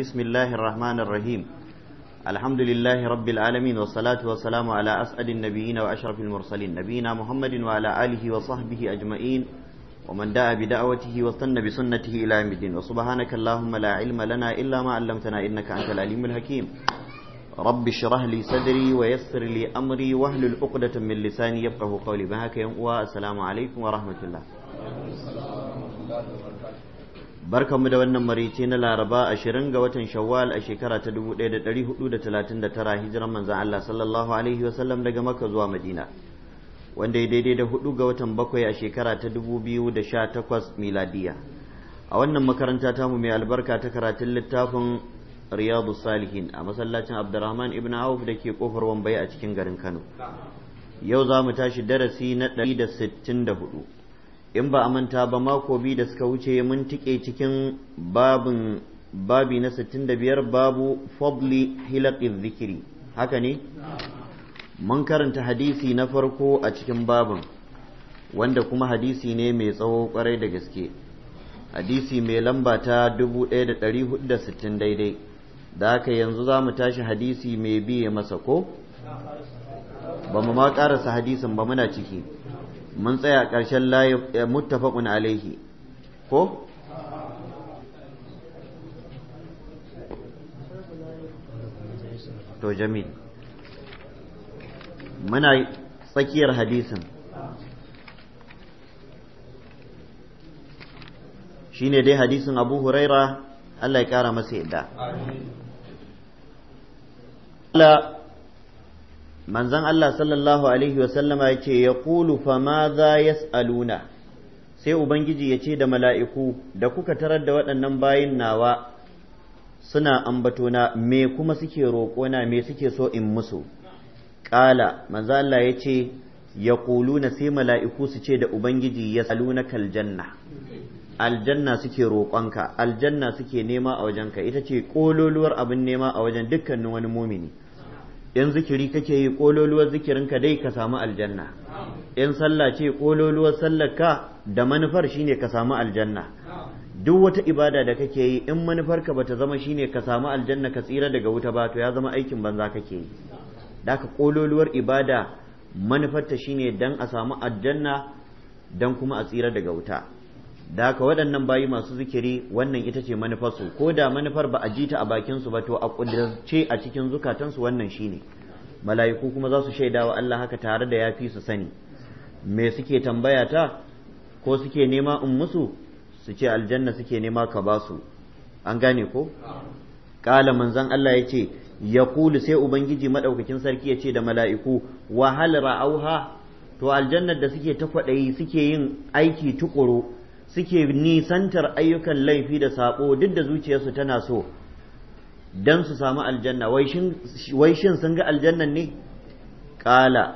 بسم الله الرحمن الرحيم الحمد لله رب العالمين والصلاة والسلام على أسعد النبيين وأشرف المرسلين نبينا محمد وعلى آله وصحبه أجمعين ومن دعا بدعوته واستنى بسنته إلى يوم الدين وسبحانك اللهم لا علم لنا إلا ما علمتنا إنك أنت العليم الحكيم رب اشرح لي صدري ويسر لي أمري واحلل عقدة من لساني يفقه قولي بهاك يوم السلام عليكم ورحمة الله barkanmu da wannan marici na laraba ashirin ga watan shawwal a shekara ta dubu ɗaya da ɗari hudu da talatin da tara hijiran manzan Allah sallallahu alaihi wasallam daga maka zuwa madina wanda ya daidai da hudu ga watan bakwai a shekara ta dubu biyu da sha takwas miladiya a wannan makaranta ta mu mai albarka ta karatun littafin riyadu salihin a masallacin abdurrahman ibn auf da ke kofar wambai a cikin garin kano yau za mu tashi darasi na ɗari da sittin da hudu in ba a manta ba mako biyu da suka wuce mun tike cikin babin babi na 65 babu fadli hilaqiz zikiri haka ne mun karanta hadisi na farko a cikin babin wanda kuma hadisi ne mai tsawo kwarai da gaske hadisi mai lamba ta 1460 daidai da haka yanzu za mu tashi hadisi mai biye masa ko ba mu ma ƙarasa hadisin ba muna ciki mun tsaya ƙarshen layi eh, muttafaqun alaihi ko to jamil muna tsakiyar hadisin shine dai hadisin abu huraira Allah ya kara masa yadda manzan Allah sallallahu alaihi wasallama ya ce ya kulu fa ma za sai ubangiji ya ce da mala'iku da kuka tarar da waɗannan bayin nawa suna ambatona me kuma suke roƙona me suke so in musu ƙala manzan Allah ya ce ya na sai mala'iku su ce da Ubangiji ya saluna kaljanna aljanna suke roƙonka aljanna suke nema a wajenka ita ce ƙololuwar abin nema a wajen dukkanin wani mumini in zikiri kake yi kololuwar zikirinka dai ka samu aljanna in sallah ce kololuwar sallarka da manufar shine ka samu aljanna duk wata ibada da kake yi in manufarka bata zama shine ka samu aljanna ka tsira daga wuta ba to ya zama aikin banza kake yi da ka kololuwar ibada manufarta shine dan a samu aljanna dan kuma a tsira daga wuta da haka waɗannan bayi masu zikiri wannan ita ce manufarsu ko da manufar ba a ji ta a bakinsu ba to a ƙudurce a cikin zukatansu wannan shi ne. mala'iku kuma za su shaida wa Allah haka tare da ya fi su sani me suke tambaya ta ko suke nema in musu su ce aljanna suke nema ka ba su an gane ko Ƙala manzon Allah ya ce yaqulu sai ubangiji madaukakin sarki ya ce da mala'iku wahal ra'auha to aljannar da suke ta kwaɗayi suke yin aiki tukuru suke nisantar ayyukan laifi da saƙo duk da zuciyarsu tana so don su samu aljanna wai shin sun ga aljannan ne Ƙala.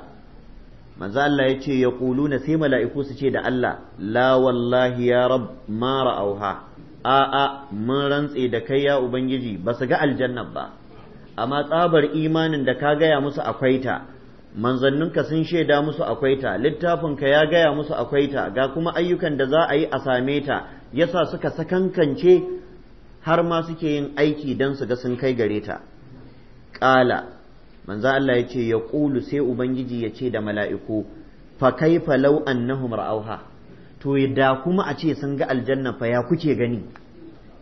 manzo Allah ya ce ya na sai mala'iku su ce da Allah la ya rab ma ra'auha a mun rantse da kai ya ubangiji ba su ga aljanna ba amma tsabar imanin da ka gaya musu akwai ta manzanninka sun shaida musu akwai ta littafinka ya gaya musu akwai ta ga kuma ayyukan da za a yi a same ta yasa suka sakankance har ma suke yin aiki don su ga sun kai gare ta ƙala manzo Allah ya ce ya ƙulu sai ubangiji ya ce da mala'iku fa kaifa law annahum ra'auha to da kuma a ce sun ga aljanna fa ya kuke gani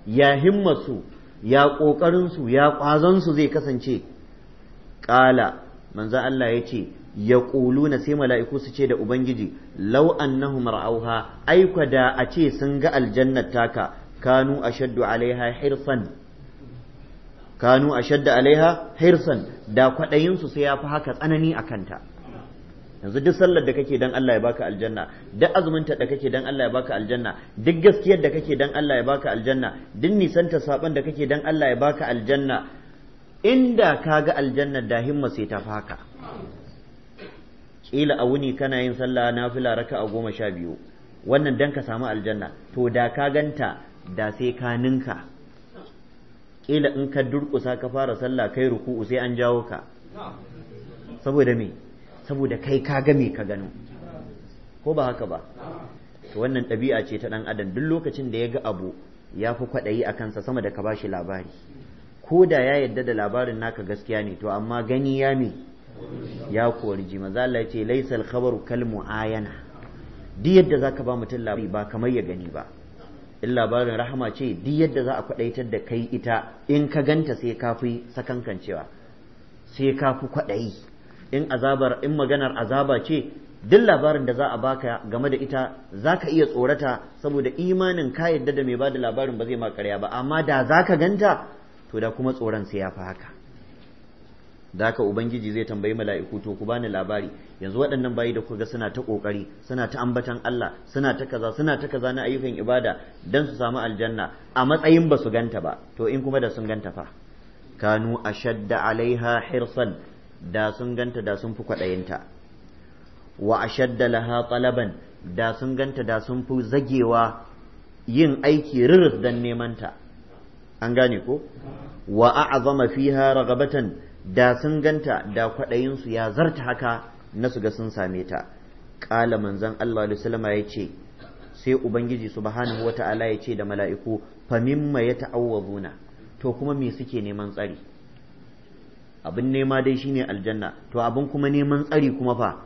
ya himmasu ya ƙoƙarinsu ya ƙwazonsu zai kasance ƙala manzo Allah ya ce na sai mala'iku su ce da ubangiji law annahum ra'auha aiko da a ce sun ga aljannat taka kanu ashaddu alaiha hirsan kanu ashadda alaiha hirsan da kwadayin su sai yafi haka tsanani akan ta yanzu duk sallar da kake dan Allah ya baka aljanna duk azuminta da kake dan Allah ya baka aljanna duk gaskiyar da kake dan Allah ya baka aljanna duk nisan ta saban da kake dan Allah ya baka aljanna inda ka ga aljannar da himma sai ta faka ƙila a wuni kana yin sallah na fila raka a goma sha biyu wannan dan ka samu aljanna to da ka ganta da sai ka ninka ƙila in ka durƙusa ka fara sallah kai ruku'u sai an jawo ka saboda me saboda kai ka ga me ka gano ko ba haka ba to wannan ɗabi'a ce ta ɗan adam duk lokacin da ya ga abu ya fi kwaɗayi a kansa sama da ka ba shi labari ko da ya yadda da labarin naka gaskiya ne to amma gani ya me ya kori maza Allah ce laisa al-khabaru kal mu'ayana duk yadda zaka ba mutum labari ba kamar ya gani ba in labarin rahama ce duk yadda za a kwadaitar da kai ita in ka ganta sai ka fi sakankancewa sai ka fi kwadayi in azabar in maganar azaba ce duk labarin da za a baka game da ita zaka iya tsorata saboda imanin ka yadda da mai ba da labarin ba zai ma karya ba amma da za ka ganta to da kuma tsoron sai ya fi haka da haka ubangiji zai tambayi mala'iku to ku bani labari yanzu waɗannan bayi da ku ga suna ta ƙoƙari suna ta ambatan Allah suna ta kaza suna ta kaza na ayyukan ibada dan su samu aljanna a matsayin ba su ganta ba to in kuma da sun ganta fa kanu ashadda alaiha hirsan da sun ganta da sun fi kwaɗayinta wa ashadda laha talaban da sun ganta da sun fi zagewa yin aiki riris dan neman ta an gane ko wa a'zama fiha ragabatan da sun ganta da kwadayin su ya zarta haka na su ga sun same ta qala manzon Allah alaihi wasallama yace sai ubangiji subhanahu wata'ala yace da mala'iku fa mimma yata'awwazuna to kuma me suke neman tsari abin nema dai shine aljanna to abin kuma neman tsari kuma fa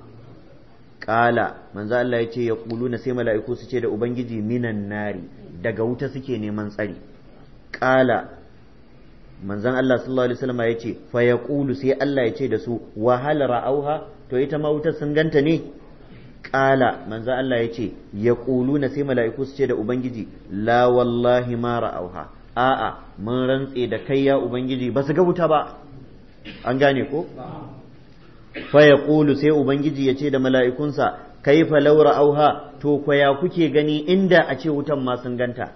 qala manzo Allah yace yaquluna sai mala'iku su ce da ubangiji minan nari daga wuta suke neman tsari ƙala manzan Allah sallallahu alaihi wasallam ya ce fa yaqulu sai Allah ya ce da su wa hal ra'auha to ita ma wutar sun ganta ne ƙala manzan Allah ya ce yaquluna sai mala'iku su ce da ubangiji la wallahi ma ra'auha a'a mun rantse da kai ya ubangiji ba su ga wuta ba an gane ko fa yaqulu sai ubangiji ya ce da mala'ikunsa kaifa law ra'auha to kwaya kuke gani inda a ce wutan ma sun ganta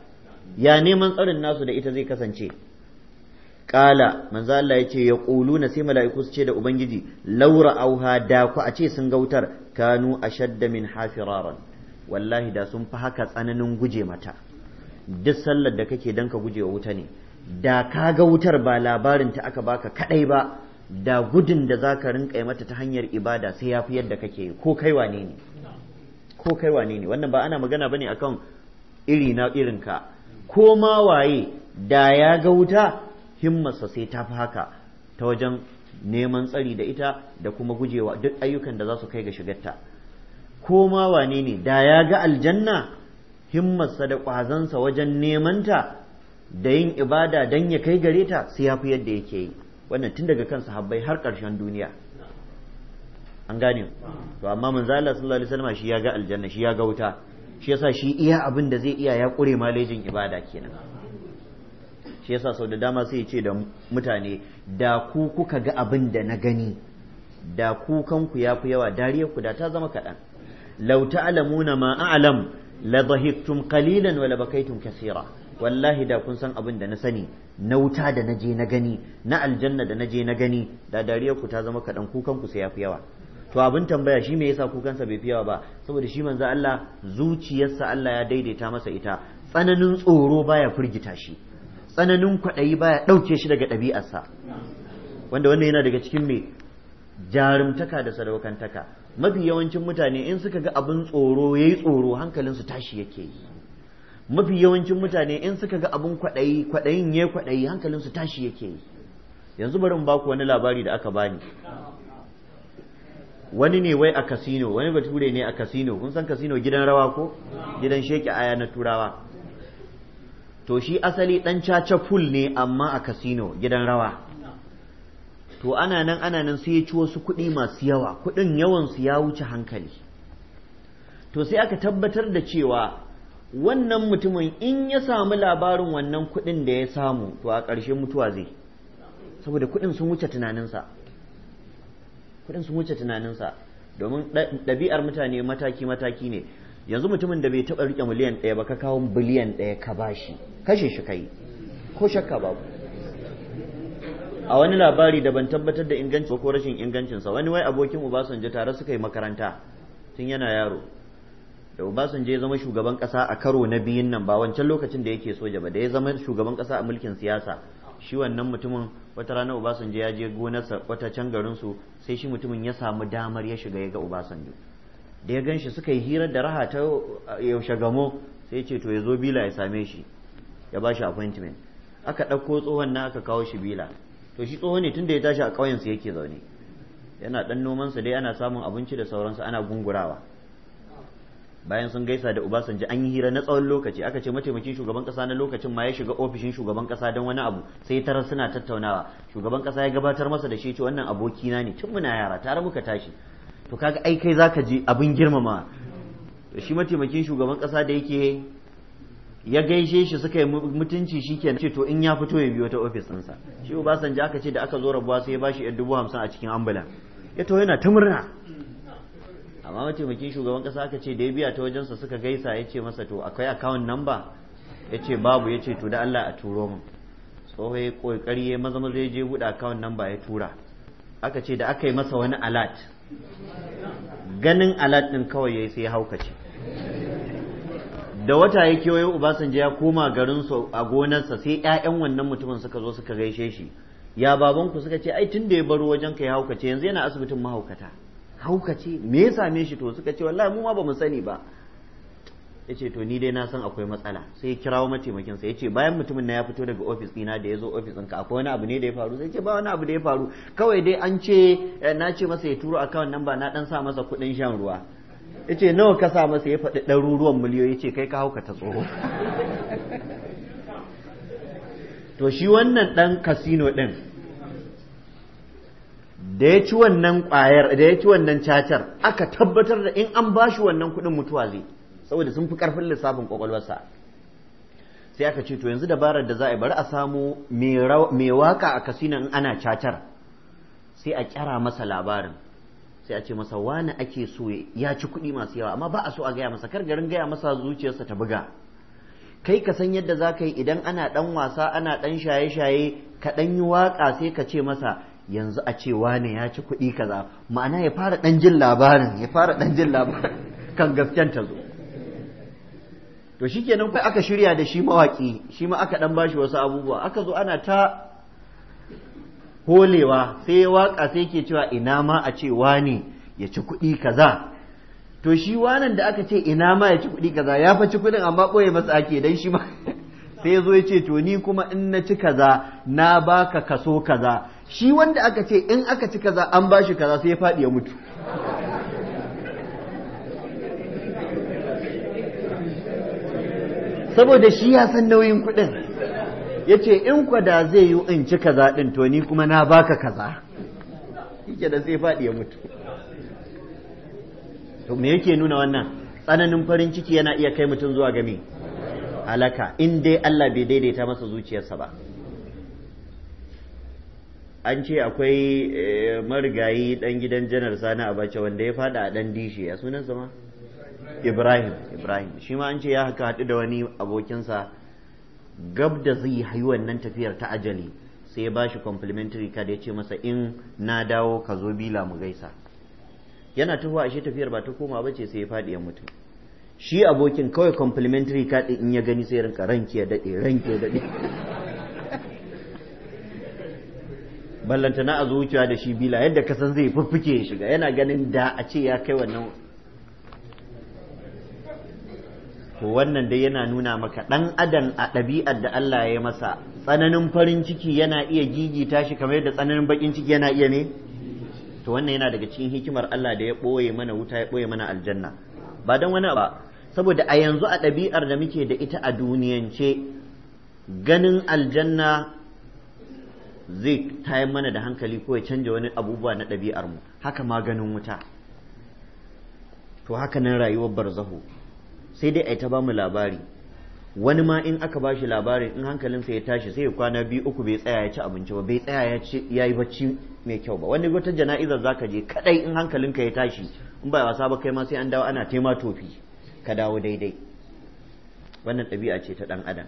ya neman tsarin nasu da ita zai kasance kala manzo Allah ce ya ƙulu na sai mala'iku su ce da ubangiji laura auha da ku a ce sun gautar kanu ashadda min hafiraran wallahi da sun fi haka tsananin guje mata duk sallar da kake don ka guje wa wuta ne da ka ga wutar ba labarin ta aka baka kadai ba da gudun da za ka rinka yi mata ta hanyar ibada sai ya fi yadda kake ko kai wane ne ko kai wane ne wannan ba ana magana bane akan iri na irinka ko ma waye da ya ga wuta himmarsa sai ta fi haka ta wajen neman tsari da ita da kuma gujewa duk ayyukan da za su kai ga shigarta ko ma wane ne da ya ga aljanna himmarsa da ƙwazansa wajen nemanta da yin ibada don ya kai gare ta sai ya fi yadda yake yi wannan tun daga kansa habbai har ƙarshen duniya an gane to amma manzo Allah sallallahu alaihi shi ya ga aljanna shi ya ga wuta shi yasa shi iya abin da zai iya ya kure malejin ibada kenan shi yasa sau da dama sai ce da mutane da ku kuka ga abin da na gani da ku kanku ya fi yawa dariya ku da ta zama kaɗan lau ta'lamuna ma a'lam la dhahiktum qalilan wa la bakaytum wallahi da kun san abin da na sani na wuta da na je na gani na aljanna da na je na gani da dariya ku ta zama kaɗan ku kanku sai ya fi yawa to abin tambaya shi me yasa kukansa bai fiyawa ba saboda shi manzo Allah zuciyarsa Allah ya daidaita masa ita tsananin tsoro baya firgita shi tsananin kwaɗayi baya ɗauke shi daga ɗabi'arsa wanda wannan yana daga cikin me jarumtaka da sadaukantaka mafi yawancin mutane in suka ga abin tsoro yayi tsoro hankalin su tashi yake yi mafi yawancin mutane in suka ga abin kwaɗayi kwaɗayin ya kwaɗayi su tashi yake yi yanzu bari in baku wani labari da aka bani wani ne wai a kasino wani bature ne a kasino kun san kasino gidan rawa ko gidan sheki aya na turawa to shi asali dan caca pool ne amma a kasino gidan rawa to ana nan ana nan sai ya ci wasu kuɗi masu yawa kuɗin yawan su ya wuce hankali to sai aka tabbatar da cewa wannan mutumin in ya samu labarin wannan kuɗin da ya samu to a ƙarshen mutuwa zai saboda kuɗin sun wuce tunaninsa kuɗin sun wuce tunaninsa domin ɗabi'ar mutane mataki-mataki ne yanzu mutumin da bai taɓa riƙe miliyan ɗaya ba ka kawo biliyan ɗaya ka bashi kashe shi kai ko shakka ba a wani labari da ban tabbatar da inganci ko rashin ingancinsa wani wai abokin Ubasanje tare suka yi makaranta tun yana yaro da Ubasanje ya zama shugaban kasa a karo na biyun nan ba wancan lokacin da yake soja ba da ya zama shugaban kasa a mulkin siyasa shi wannan mutumin wata rana Ubasanje ya je gonarsa wata can garin sai shi mutumin ya samu damar ya shiga ya ga Obasanjo da ya ganshi suka yi hirar da raha ta yaushe gamo sai ce to ya zo bila ya same shi ya ba shi appointment aka ɗauko tsohon na aka kawo shi bila to shi tsohon ne tun da ya tashi a ƙauyensu yake zaune yana ɗan nomansa dai ana samun abinci da sauransu ana gungurawa bayan sun gaisa da Obasanjo an yi hira na tsawon lokaci aka ce mataimakin shugaban kasa na lokacin ma ya shiga ofishin shugaban kasa don wani abu sai tarar suna tattaunawa shugaban kasa ya gabatar masa da shi ce wannan abokina ne tun muna yara tare muka tashi to kaga ai kai zaka ji abin girmama shi mataimakin shugaban kasa da yake ya gaishe shi suka yi mutunci shi ke ce to in ya fito ya biyo ta ofis ɗinsa shi Obasanjo aka ce da aka zo rabuwa sai ya bashi yar dubu hamsin a cikin ambulan ya to yana ta amma mataimakin shugaban kasa aka ce da ya biya ta wajensa suka gaisa ya ce masa to akwai account number ya ce babu ya ce to da Allah a turo mu tsoho ya kokari ya maza maza ya je buɗe account number ya tura aka ce da aka yi masa wani alat ganin alat ɗin kawai ya yi sai ya haukace da wata ya kewayo Obasanjo ya koma garinsu a gonarsa sai 'ya'yan wannan mutumin suka zo suka gaishe shi ya babanku suka ce ai tun da ya baro wajen ka ya haukace yanzu yana asibitin mahaukata haukace me ya same shi to suka ce wallahi mu ma bamu sani ba yace to ni dai na san akwai matsala sai ya kirawo mataimakin sa yace bayan mutumin na ya fito daga office dina da yazo office ɗinka akwai wani abu ne da ya faru sai ce ba wani abu da ya faru kawai dai an ce eh, na ce masa ya turo nan number na dan sa masa kuɗin shan ruwa yace nawa ka sa masa ya faɗi ɗaruruwan miliyoyi ce kai ka haukata tsoro to shi wannan ɗan kasino ɗin da ya ci wannan ƙwayar da ya ci wannan cacar aka tabbatar da in an ba shi wannan kuɗin mutuwa zai saboda sun fi ƙarfin lissafin ƙwaƙwalwarsa sai aka ce to yanzu dabarar da za a yi bari a samu mai waka a kasinan in ana cacar sai a kyara masa labarin sai a ce masa wani ake so ya ci kuɗi masu yawa amma ba a so a gaya masa kar garin gaya masa zuciyarsa ta buga kai ka san yadda za ka yi idan ana ɗan wasa ana ɗan shaye-shaye ka ɗan yi waƙa sai ka ce masa yanzu a ce wane ya ci kuɗi kaza ma'ana ya fara ɗan jin labarin ya fara ɗan jin labarin kan gasken ta zo to shikenan kai aka shirya da shi mawaƙi, shi ma aka ɗan bashi wasu abubuwa aka zo ana ta holewa sai ya waka sai ke cewa ina ma a ce wane ya ci kuɗi kaza to shi wanan da aka ce ina ma ya ci kuɗi kaza ya fa ci kuɗin amma ɓoye masa ake dan shi ma sai zo ya ce to ni kuma in na ci kaza na baka kaso kaza shi wanda aka ce in aka ci kaza an ba shi kaza sai ya faɗi ya mutu saboda shi ya san nauyin kuɗin ya ce in kwada zai yi in ci kaza ɗin to ni kuma na baka kaza yake da sai faɗi ya mutu to me yake nuna wannan tsananin farin ciki yana iya kai mutum zuwa game halaka in dai Allah bai daidaita masa zuciyarsa ba an ce akwai eh, marigayi ɗan gidan janar sani Abacha wanda ya fada a dan dishi ya sunan ma ibrahim ibrahim shi ma an ce ya haka haɗu da wani abokinsa gab da zai yi wannan tafiyar ta ajali sai ya bashi complimentary card ya ce masa in na dawo ka zo bila mu gaisa yana tuhuwa ashe tafiyar ba ta koma ba ce sai ya faɗi ya mutu. shi abokin kawai complimentary kaɗi in ya gani sai rinka ranke ya daɗe ranke ya daɗe ballantana a zuciya da shi bila yadda kasan zai fuffuke ya shiga yana ganin da a ce ya kai wannan to wannan dai yana nuna maka ɗan adam a ɗabi'ar da Allah ya masa tsananin farin ciki yana iya gigita shi kamar yadda tsananin bakin ciki yana iya ne to wannan yana daga cikin hikimar Allah da ya ɓoye mana wuta ya ɓoye mana aljanna ba don wani ba saboda a yanzu a ɗabi'ar da muke da ita a duniyance ganin aljanna zai tayar mana da hankali ko ya canja wani abubuwa na ɗabi'ar mu haka ma ganin wuta to haka nan rayuwar barzahu sai dai a ta bamu labari wani ma in aka ba shi labari in hankalinsa ya tashi sai ya kwana biyu uku bai tsaya ya ci abinci ba bai tsaya ya yi bacci mai kyau ba wani wata jana'izar za ka je kadai in hankalinka ya tashi in ba wasa ba kai ma sai an dawo ana tema tofi ka dawo daidai wannan ɗabi'a ce ta ɗan adam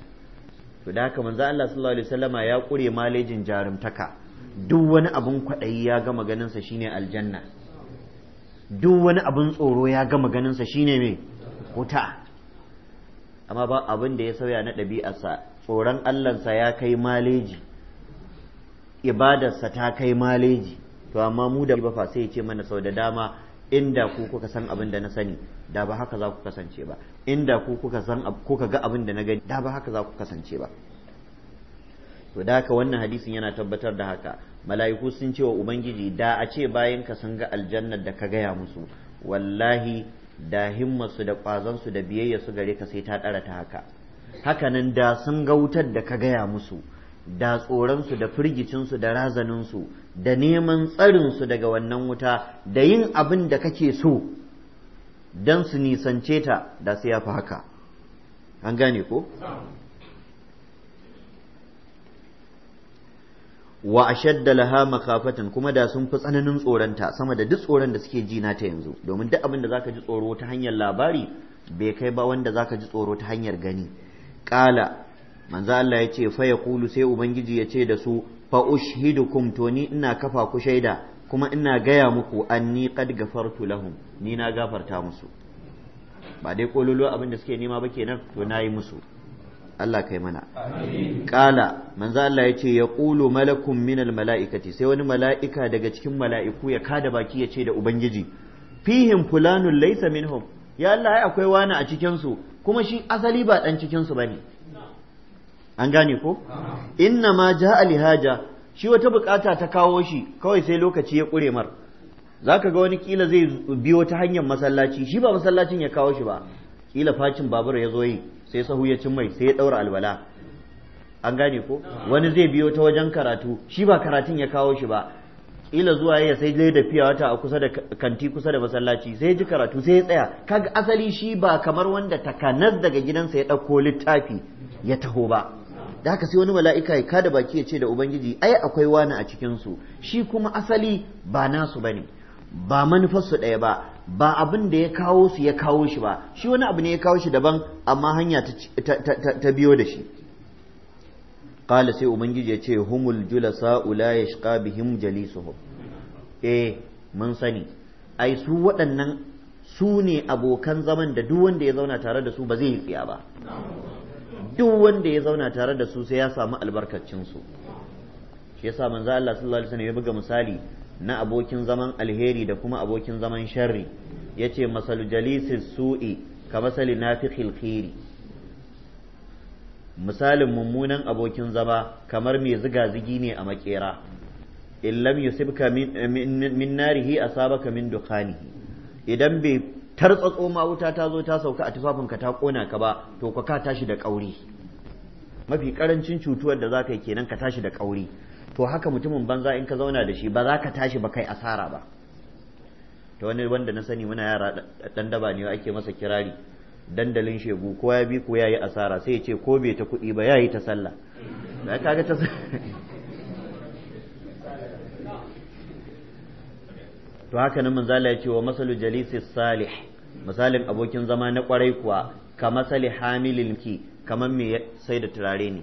to da haka manzo Allah sallallahu alaihi wasallama ya ƙure malejin jarumtaka duk wani abun kwaɗayi ya ga maganinsa shine aljanna duk wani abun tsoro ya ga maganinsa shine me wuta amma ba abin da ya sauya na ɗabi'arsa tsoron Allahnsa ya kai maleji ibadarsa ta kai maleji to amma mu da ba fa sai ya ce mana sau da dama inda ku kuka san abin da na sani da ba haka za ku kasance ba inda ku kuka san kuka ga abin da na gani da ba haka za ku kasance ba to da haka wannan hadisin yana tabbatar da haka mala'iku sun ce wa ubangiji da a ce bayan ka sun ga aljannar da ka gaya musu wallahi da himmarsu da su da biyayya su gare ka sai ta ɗara ta haka hakanan da sun ga wutar da ka gaya musu da tsoronsu da firgicinsu da razaninsu da neman tsarinsu daga wannan wuta da yin abin da kake so don su nisance ta da sai ya fi haka an gane ko wa ashadda laha makafatan kuma da sun fi tsananin tsoronta sama da duk tsoron da suke ji ta yanzu domin duk abin da zaka ji tsoro ta hanyar labari bai kai ba wanda zaka ji tsoro ta hanyar gani Ƙala. manzo Allah ya ce fa Kulu, sai ubangiji ya ce da su fa ushidukum to ni ina kafa ku shaida kuma ina gaya muku anni qad gafartu lahum ni na gafarta musu ba dai kololo abin da suke nema ba kenan to nayi musu Allah kai mana kala manzo Allah yace yaqulu ya min malakun minal mala'ikati sai wani mala'ika daga cikin mala'iku ya kada baki ya ce da ubangiji fihim fulanun laysa minhum ya Allah ai akwai wani a cikin su kuma shi asali ba dan cikin su bane an gane ko inna ma ja lihaja shi wata bukata ta kawo shi kawai sai lokaci ya kure mar zaka ga wani kila zai biyo ta hanyar masallaci shi ba masallacin ya kawo shi ba kila facin babur ya zo yi sai sahu ya cin mai sai ya daura alwala an gane ko wani zai biyo ta wajen karatu shi ba karatun ya kawo shi ba kila zuwa ya sai dai da fiya wata a kusa da kanti kusa da masallaci sai ya ji karatu sai ya tsaya kaga asali shi ba kamar wanda takanas daga gidansa ya ɗauko littafi ya taho ba da haka sai wani mala'ika ya kada baki ya ce da ubangiji ai akwai wani a cikin su shi kuma asali ba nasu bane ba manufarsu ɗaya ba ba abin da ya kawo su ya kawo shi ba shi wani abu ne ya kawo shi daban amma hanya ta biyo da shi qala sai ubangiji ya ce humul julasa ya shiga bihim jalisuhum eh mun sani ai su waɗannan su ne abokan zaman da duk wanda ya zauna tare da su ba zai yi tsiya ba duk wanda ya zauna tare da su sai ya samu albarkacinsu shi yasa manzo Allah sallallahu alaihi wasallam ya buga misali na abokin zaman alheri da kuma abokin zaman sharri yace masalu jalisis su'i ka masali nafiqil khairi misalin mummunan abokin zama kamar mai ziga-zigi ne a makera in lam yusibka min narihi asabaka min dukhanihi idan bai tartsatso ma wuta ta zo ta sauka a tufafin ka ta kona ka ba to ka ka tashi da kauri mafi karancin cutuwar da zaka yi kenan ka tashi da kauri to haka mutumin banza in ka zauna da shi ba za ka tashi ba kai asara ba to wani wanda na sani muna yara dan daba ne ake masa kirari dandalin shegu kowa ya bi ko yayi asara sai ya ce ko bai ta kuɗi ba yayi ta sallah ka ga ta to haka nan manzo Allah ya wa masalu jalisi salih misalin abokin zama na kwarai kuwa ka masali hamilin ki kamar me sai da turare ne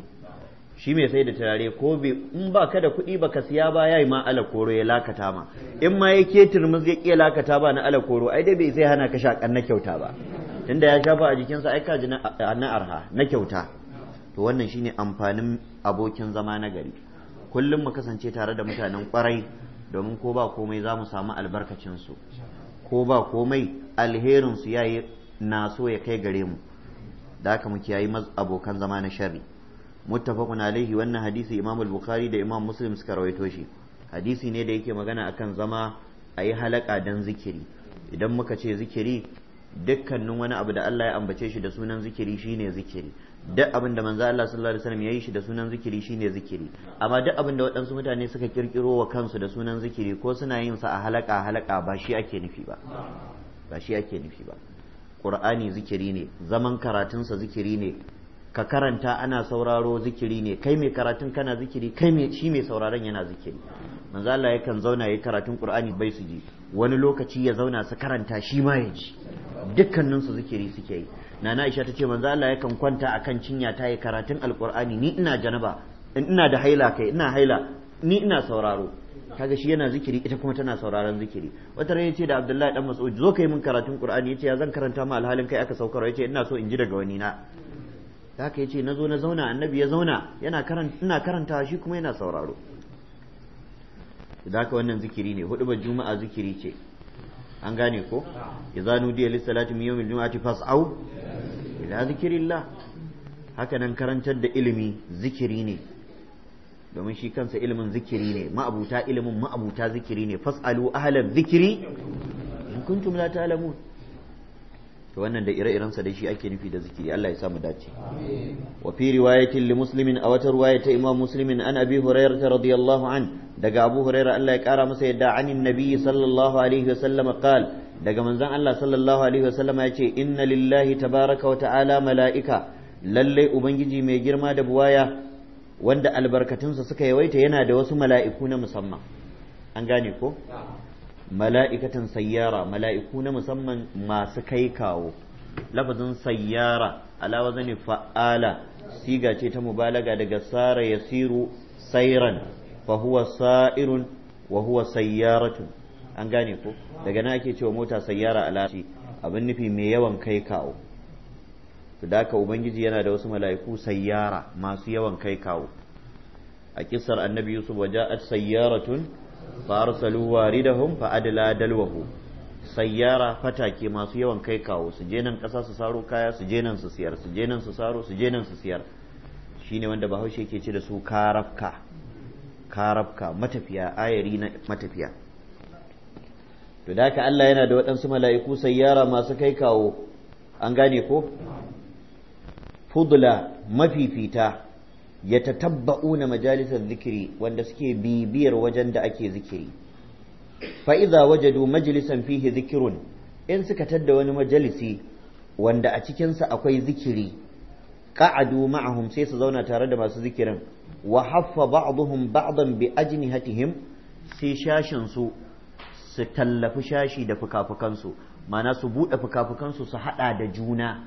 shi mai sai da turare ko bai in ba ka da kuɗi ba ka siya ba yayi ma ala ya lakata ma in ma ya ke turmus ya ƙi lakata ba na ala ai dai bai sai hana ka shaƙan na kyauta ba tunda ya shafa a jikinsa ai kaji na arha na kyauta to wannan shine amfanin abokin zama na gari kullum mu kasance tare da mutanen kwarai domin ko ba komai za mu samu albarkacinsu ko ba komai alherinsu ya yi na so ya kai gare mu da haka muke yayi abokan zama na sharri muttafaqun alaihi wannan hadisi imam al-bukhari da imam muslim suka rawaito shi hadisi ne da yake magana akan zama a yi halaka don zikiri idan muka ce zikiri dukkanin wani abu da Allah ya ambace shi da sunan zikiri shi ne zikiri duk abin da manzo Allah sallallahu alaihi wasallam yayi shi da sunan zikiri shine zikiri amma duk abin da waɗansu mutane suka kirkiro wa kansu da sunan zikiri ko suna yin sa a halaka halaka ba shi ake nufi ba ba shi ake nufi ba qur'ani zikiri ne zaman karatun sa zikiri ne ka karanta ana sauraro zikiri ne kai mai karatun kana zikiri kai mai shi mai sauraron yana zikiri manzo Allah yakan zauna yayi karatun qur'ani bai su ji wani lokaci ya zauna su karanta shi ma ya ji dukkanin su zikiri suke yi nana Aisha tace manzo Allah yakan kwanta akan cinya ta yi karatun alqur'ani ni ina janaba in ina da haila kai ina haila ni ina sauraro kaga shi yana zikiri ita kuma tana sauraron zikiri wata ran ce da Abdullahi dan Mas'ud zo kai min karatun Qur'ani yace ya zan karanta ma alhalin kai aka saukar yace ina so in ji daga wani na haka yace nazo na zauna annabi ya zauna yana karanta ina karantawa shi kuma yana sauraro da haka wannan zikiri ne hudu juma'a zikiri ce an gane ko idza nudiya lis salati min yawmil jumu'ati fas'au ila zikrillah haka nan karantar da ilimi zikiri ne domin shi kansa ilimin zikiri ne ma'abuta ilimin ma'abuta zikiri ne fas'alu ahla zikiri in kuntum la ta'lamun to wannan da ire-irensa da shi ake nufi da zikiri Allah ya sa mu dace wa fi riwayatin li muslimin a wata riwaya ta imam muslimin an abi hurairah radiyallahu an daga abu hurairah Allah ya kara masa yadda anin nabiyyi sallallahu alaihi wa sallam qal daga manzon Allah sallallahu alaihi wasallam ya ce inna lillahi tabaraka wa ta'ala mala'ika lalle ubangiji mai girma da buwaya wanda albarkatunsa suka yawaita yana da wasu mala'iku na musamman an gane ko mala'ikatan sayyara mala'iku na musamman masu kai kawo lafazin sayyara alawa zane fa'ala siga ce ta mubalaga daga sara ya siru sairan fahuwa sa'irun wa huwa sayyaratun an gane ko daga na ake cewa mota sayyara a lashi abin nufi mai yawan kai kawo su daga ubangiji yana da wasu mala'iku sayyara masu yawan kai kawo a kisar annabi yusuf waje a sayyaratun fa arsalu waridahum fa adla dalwahu sayyara fatake masu yawan kai kawo su je nan kasa su saro kaya su je nan su siyar su je nan su saro su je nan su siyar shine wanda bahaushe ke ce da su karafka karafka matafiya ayari na matafiya to da haka Allah yana da waɗansu mala'iku sayyara masu kai kawo an gane ko fudula mafifita ya ta na majalisar zikiri wanda suke bibiyar wajen da ake zikiri fa'iza wajadu majalisan fihi zikirun in suka tadda wani majalisi wanda a cikinsa akwai zikiri ka'adu ma'ahum sai su zauna tare da masu zikirin wa haffa ba'dhum ba'dan bi him? sai shashinsu su tallafi shashi da fukafukansu ma'ana su buɗe fukafukansu su haɗa da juna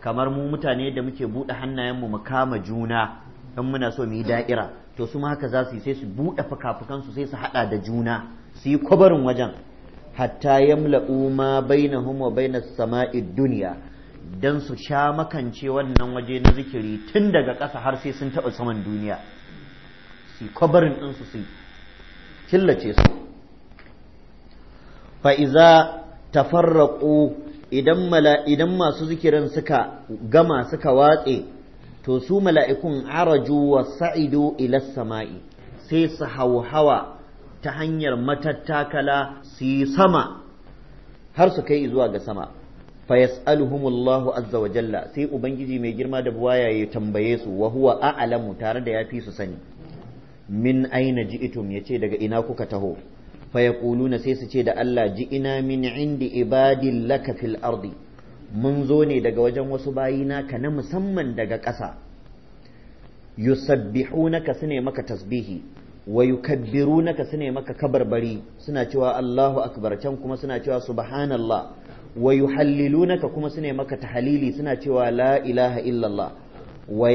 kamar mu mutane da muke buɗe hannayenmu mu kama juna in muna so mu yi da'ira to su ma haka za su yi sai su buɗe fuka su sai su haɗa da juna su yi kwabarin wajen hatta yamla'u ma humo bai na sama'i duniya don su sha makance wannan waje na zikiri tun daga ƙasa har sai sun taɓa saman duniya su yi kwabarin ɗin su su killace su fa'iza ta idan idan masu zikirin suka gama suka watse to su mala'ikun araju wa sa'idu ila sama'i sai su hau hawa ta hanyar matattakala su yi sama har su kai zuwa ga sama fa yas'aluhumullahu azza wa jalla sai ubangiji mai girma da buwaya ya tambaye su wa huwa a'lamu tare da yafi su sani min aina ya yace daga ina kuka taho fa yaquluna sai su ce da Allah ji ina min indi ibadin laka fil ardi mun zo ne daga wajen wasu bayi ka na musamman daga ƙasa su sune maka tasbihi wa su sune maka kabarbari suna cewa Allahu akbar can kuma suna cewa subhanallah wa naka kuma sune maka tahalili suna cewa la ilaha illallah wa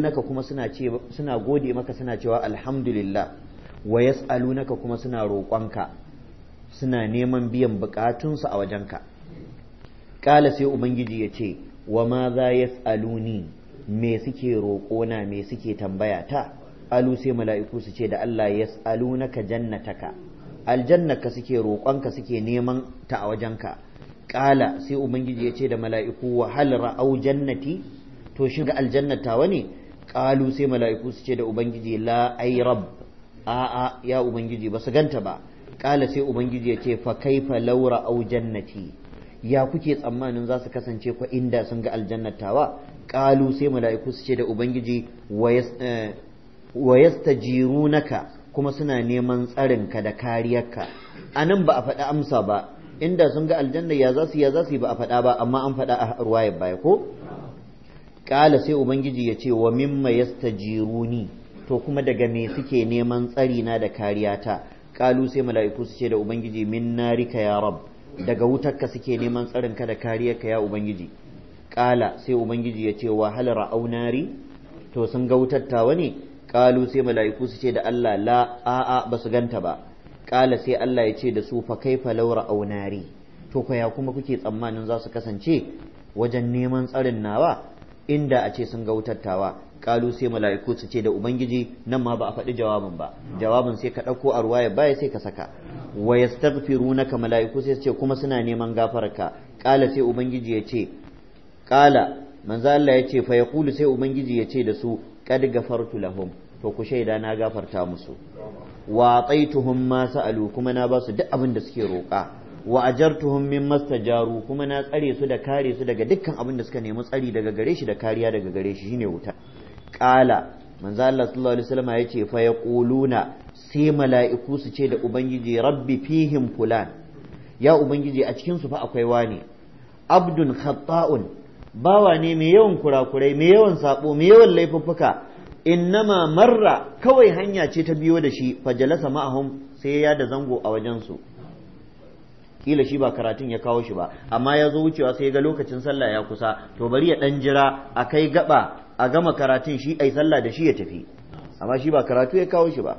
naka kuma suna suna gode maka suna cewa alhamdulillah wa naka kuma suna roƙonka suna neman biyan buƙatunsu a wajenka kala sai ubangiji ya ce wa ma za ya yas'aluni me suke roƙona me suke tambaya ta alu sai mala'iku su ce da Allah ya yas'alunaka jannataka aljannaka suke roƙonka suke neman ta a wajenka kala sai ubangiji ya ce da mala'iku wa hal ra'au jannati to shiga aljannata wani kalu sai mala'iku su ce da ubangiji la ai rab a'a ya ubangiji ba su ganta ba ƙala sai ubangiji ya ce fa kaifa laura au jannati ya kuke tsammanin za su kasance kwa inda sun ga aljannatawa qalu sai mala'iku su ce da ubangiji wa eh, kuma suna neman tsarinka da kariyarka anan ba a faɗi amsa ba inda sun ga aljanna ya za su ya za su ba a faɗa ba amma an faɗa a ruwaya baya ko kala sai ubangiji ya ce wa mimma yastajiruni to kuma daga me suke neman tsari na da kariyata kalu sai mala'iku su ce da ubangiji min narika ya rab daga wutarka suke neman tsarin ka da ka ya ubangiji ƙala sai ubangiji ya ce wa hal ra'aunari to sun ga wutar tawa ne ƙalu sai mala'iku su ce da Allah la a'a ba su ganta ba ƙala sai Allah ya ce da su fa kaifa law ra'aunari to fa ya kuma kuke tsammanin za su kasance wajen neman tsarin nawa inda a ce sun ga wutar tawa kalu sai mala'iku su ce da ubangiji nan ma ba a faɗi jawabin ba jawabin sai ka ɗauko a ruwaya baya sai ka saka wa naka mala'iku sai su ce kuma suna neman gafararka kala sai ubangiji ya ce kala manzo Allah ya ce fa yaqulu sai ubangiji ya ce da su qad gafartu lahum to ku shaida na gafarta musu wa ataituhum ma sa'alu kuma na ba su duk abin da suke roƙa wa ajartuhum min mastajaru kuma na tsare su da kare su daga dukkan abin da suka nemi tsari daga gare shi da kariya daga gare shi shine wuta ƙala manzo Allah sallallahu alaihi wasallam ya ce fa yaquluna sai mala'iku su ce da ubangiji rabbi fihim fulan ya ubangiji a cikin su fa akwai wani abdun khatta'un bawa ne mai yawan kurakurai mai yawan sabo mai yawan laifuffuka innama marra kawai hanya ce ta biyo da shi fa fajalasa ma'ahum sai ya da zango a wajen su kila shi ba karatun ya kawo shi ba amma ya zo wucewa sai ga lokacin sallah ya kusa to bari ya dan jira a kai gaba a gama karatun shi a yi sallah da shi ya tafi amma shi ba karatu ya kawo shi ba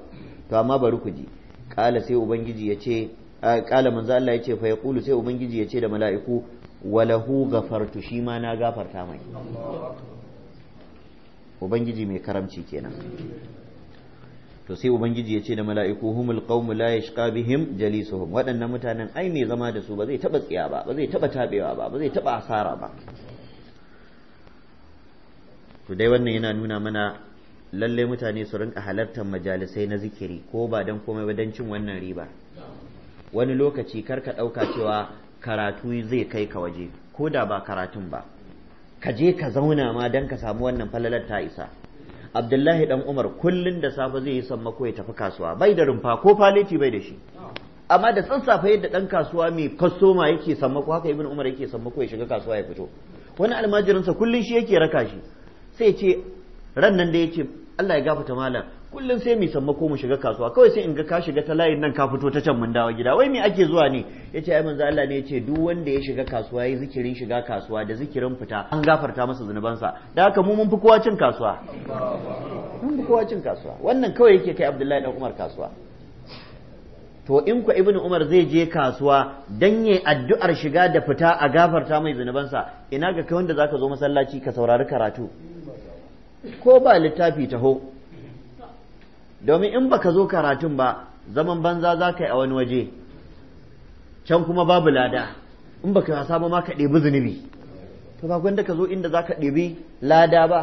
to amma bari ku ji kala sai ubangiji ya ce kala manzo Allah ya ce fa yaqulu sai ubangiji ya ce da mala'iku walahu ghafartu shi ma na gafarta mai ubangiji mai karamci kenan to sai ubangiji ya ce da mala'iku humul qaumu la yashqa bihim jalisuhum waɗannan mutanen ai mai zama da su ba zai taba tsiya ba ba zai taba tabewa ba ba zai taba asara ba to dai wannan yana nuna mana lalle mutane su rinka halartar majalisai na zikiri ko ba don komai ba don cin wannan riba wani lokaci kar ka ɗauka cewa karatu zai kai ka waje ko da ba karatun ba ka je ka zauna ma dan ka samu wannan falalar ta isa abdullahi dan umar kullun da safe zai yi sammako ya tafi kasuwa bai da rumfa ko faleti bai da shi amma da tsantsafa yadda dan kasuwa mai kasoma yake sammako haka ibn umar yake sammako ya shiga kasuwa ya fito wani almajirinsa kullun shi yake raka shi sai ce ran nan da ya ce Allah ya gafata malam kullum sai mu sammako mu shiga kasuwa kawai sai in ga ka shiga ta layin nan ka fito ta can mun dawo gida wai me ake zuwa ne ya ce ai manzo Allah ne ce duk wanda ya shiga kasuwa yayi zikirin shiga kasuwa da zikirin fita an gafarta masa zunubansa da haka mu mun fi kowa cin kasuwa mun fi kowa cin kasuwa wannan kawai yake kai Abdullahi dan Umar kasuwa to in ku ibnu Umar zai je kasuwa dan ya addu'ar shiga da fita a gafarta mai zunubansa ina ga kai wanda zaka zo masallaci ka saurari karatu ko ba littafi taho domin in baka zo karatun ba zaman banza za ka yi a wani waje can kuma babu lada in baka ka ba ma ka ɗebi zunubi to ba gwanda ka zo inda za ka ɗebi lada ba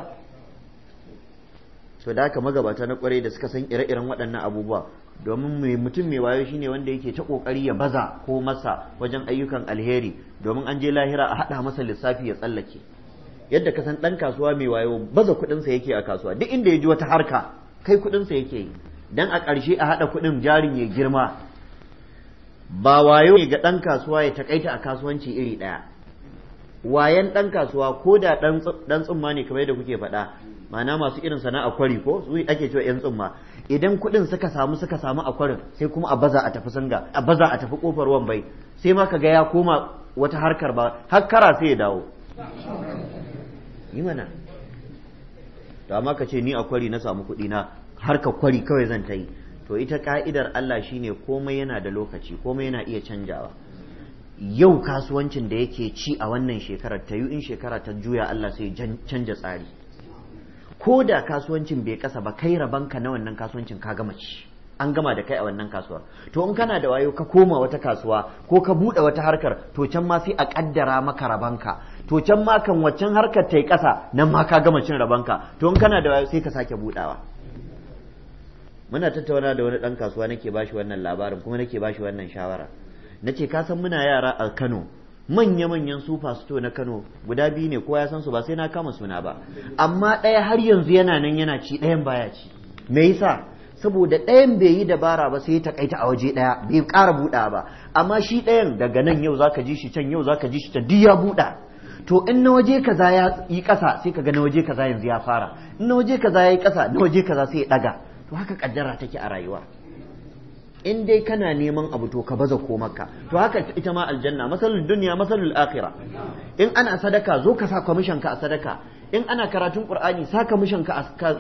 to da magabata na kwarai da suka san ire-iren waɗannan abubuwa domin mai mutum mai wayo shine wanda yake ta ƙoƙari ya baza ko masa wajen ayyukan alheri domin an je lahira a haɗa masa lissafi ya tsallake yadda ka san ɗan kasuwa mai wayo baza kuɗinsa yake a kasuwa duk inda ya ji wata harka kai kuɗinsa yake yi dan a ƙarshe a haɗa kuɗin jarin ya girma ba wayo ne ga ɗan kasuwa ya takaita a kasuwanci iri ɗaya wayan ɗan kasuwa ko da ɗan tsumma ne kamar yadda kuke faɗa ma'ana masu irin sana'a kwari ko su ake cewa yan tsumma idan kuɗin suka samu suka samu a kwarin sai kuma a baza a tafi sanga a baza a tafi kofar wambai sai ma ka ga ya koma wata harkar ba har kara sai ya dawo yi mana da amma ka ce ni a kwari na samu kuɗi na har ka kwari kawai zan ta yi to ita ka'idar Allah shine komai yana da lokaci komai yana iya canjawa yau kasuwancin da yake ci a wannan shekarar ta yi in shekara ta juya Allah sai canja tsari ko da kasuwancin bai kasa ba kai rabanka na wannan kasuwancin ka gama ci an gama da kai a wannan kasuwar to in kana da wayo ka koma wata kasuwa ko ka buɗe wata harkar to can ma sai a ƙaddara maka rabanka to can ma kan waccan harkar ta yi ƙasa nan ma ka gama cin rabanka to in kana da wayo sai ka sake buɗawa muna tattauna da wani ɗan kasuwa nake bashi wannan labarin kuma nake bashi wannan shawara nace ka san muna yara a Kano manya-manyan sufa sito na Kano guda biyu ne kowa ya san su ba sai na kama suna ba amma ɗaya har yanzu yana nan yana ci ɗayan baya ci me yasa saboda ɗayan bai yi dabara ba sai ta kaita a waje ɗaya bai ƙara buɗa ba amma shi ɗayan daga nan yau zaka ji shi can yau zaka ji shi can duk ya buɗa to in na waje kaza ya yi ƙasa sai ka ga na waje kaza yanzu ya fara in na waje kaza ya yi ƙasa na waje kaza sai ya ɗaga to haka kaddara take a rayuwa in dai kana neman abu to ka baza komarka to haka ita ma aljanna masalul duniya masalul akhirah in ana sadaka zo ka sa commission ka a sadaka in ana karatun qur'ani saka mishan ka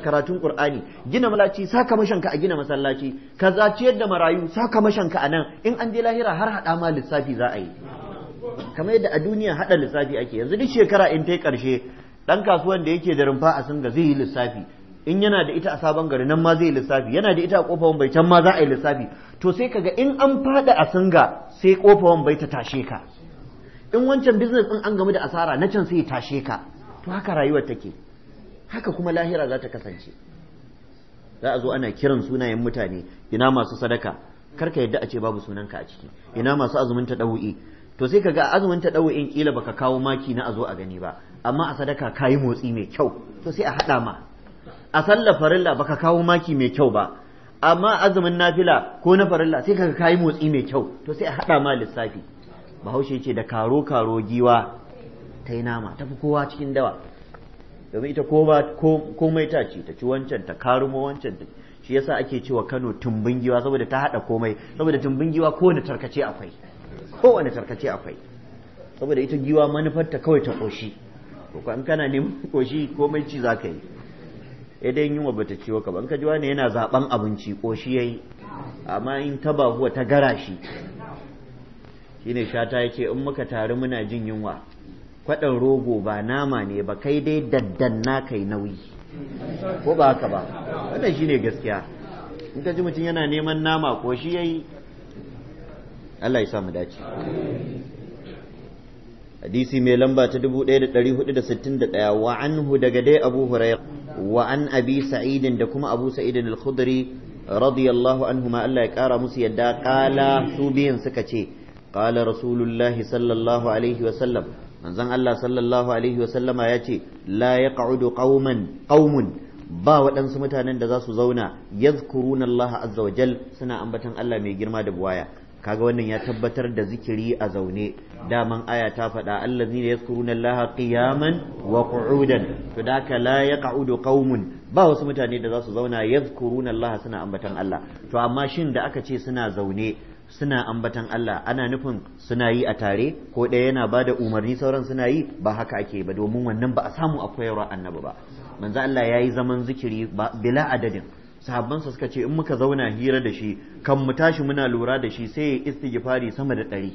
karatun qur'ani gina malaci saka mishan ka a gina masallaci ka ciyar da marayu saka mishan ka nan. in an je lahira har hada ma lissafi za a yi kamar yadda a duniya haɗa lissafi ake yanzu duk shekara in tai karshe dan kasuwan da yake da rumfa a singa zai yi lissafi in yana da ita a sabon gari nan ma zai yi lissafi yana da ita a kofa bai can ma za a yi lissafi to sai kaga in an fada a singa sai kofa bai ta tashe ka in wancan business din an gamu da asara na can sai ya tashe ka to haka rayuwar take haka kuma lahira za ta kasance za a zo ana kiran sunayen mutane ina masu sadaka karka yadda a ce babu sunanka a ciki ina masu azumin ta ɗau'i to sai kaga azumin ta ɗau'in kila baka kawo maki na a zo a gani ba amma a sadaka kayi motsi mai kyau to sai a haɗa ma a sallar farilla baka kawo maki mai kyau ba amma azumin nafila ko na farilla sai kaga kayi motsi mai kyau to sai a haɗa ma lissafi bahaushe ce da karo karo giwa ta yi nama ta fi kowa cikin dawa domin ita komai ta ci ta ci wancan ta karumo wancan ta shi yasa ake cewa Kano tumbin giwa saboda ta hada komai saboda tumbin giwa kowane tarkace akwai kowane tarkace akwai saboda ita giwa manufar ta kawai ta koshi ko in kana neman koshi komai ci za ka yi idan yunwa bata ciwo ka ba in ka ji wani yana zaben abinci koshi yi. amma in ta bahuwa ta gara shi shine shata yake in muka tare muna jin yunwa kwaɗin rogo ba nama ne ba kai dai daddan na kai nauyi ko ba haka ba wannan shine gaskiya in ka ji mutum yana neman nama ko shi yayi Allah ya samu dace hadisi mai lamba ta 1461 wa anhu daga dai Abu Hurairah wa an Abi Sa'id da kuma Abu Sa'id al-Khudri radiyallahu anhu ma Allah ya kara musu yadda ƙala su biyan suka ce qala rasulullahi sallallahu alaihi wa sallam manzon Allah sallallahu alaihi wa sallama ya ce la yaq'udu qauman qaumun ba waɗansu mutanen da za su zauna yadhkuruna Allah azza wa jal suna ambatan Allah mai girma da buwaya kaga wannan ya tabbatar da zikiri a zaune daman aya ta faɗa ne yadhkuruna Allah qiyaman wa qu'udan to da ka la yaq'udu qaumun ba wasu mutane da za su zauna yadhkuruna Allah suna ambatan Allah to amma shin da aka ce suna zaune suna ambatan Allah ana nufin suna yi a tare ko ɗaya yana ba da umarni sauran suna yi ba haka ake ba domin wannan ba a samu a koyarwa annabi ba manzo Allah ya yi zaman zikiri ba. bila adadin sahabban suka ce in muka zauna hira da shi kan mu tashi muna lura da shi sai ya istighfari sama da ɗari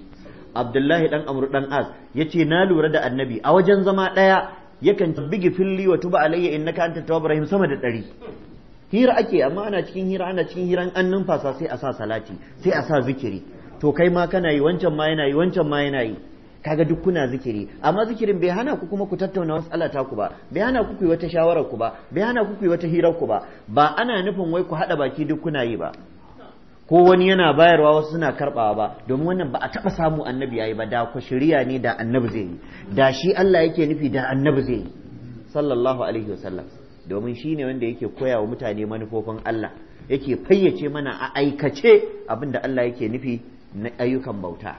Abdullahi dan Amr dan As yace na lura da annabi a wajen zama ɗaya yakan bigi filli wa tuba alayya innaka anta tawwabur rahim sama da ɗari hira ake amma ana cikin hira ana cikin hira an numfasa sai a sa salati sai a sa zikiri to kai ma kana yi wancan ma yana yi wancan ma yana yi kaga duk kuna zikiri amma zikirin bai hana ku kuma ku tattauna Allah ta ku ba bai hana ku yi wata shawara ku ba bai hana ku yi wata hirar ku ba ba ana nufin wai ku hada baki duk kuna yi ba ko wani yana bayarwa wasu suna karbawa ba domin wannan ba a taba samu annabi yayi ba da ku shiriya ne da annabi zai yi da shi Allah yake nufi da annabi zai yi sallallahu alaihi wasallam domin shi ne wanda yake koya wa mutane manufofin Allah yake fayyace mana a aikace abin da Allah yake nufi na ayyukan bauta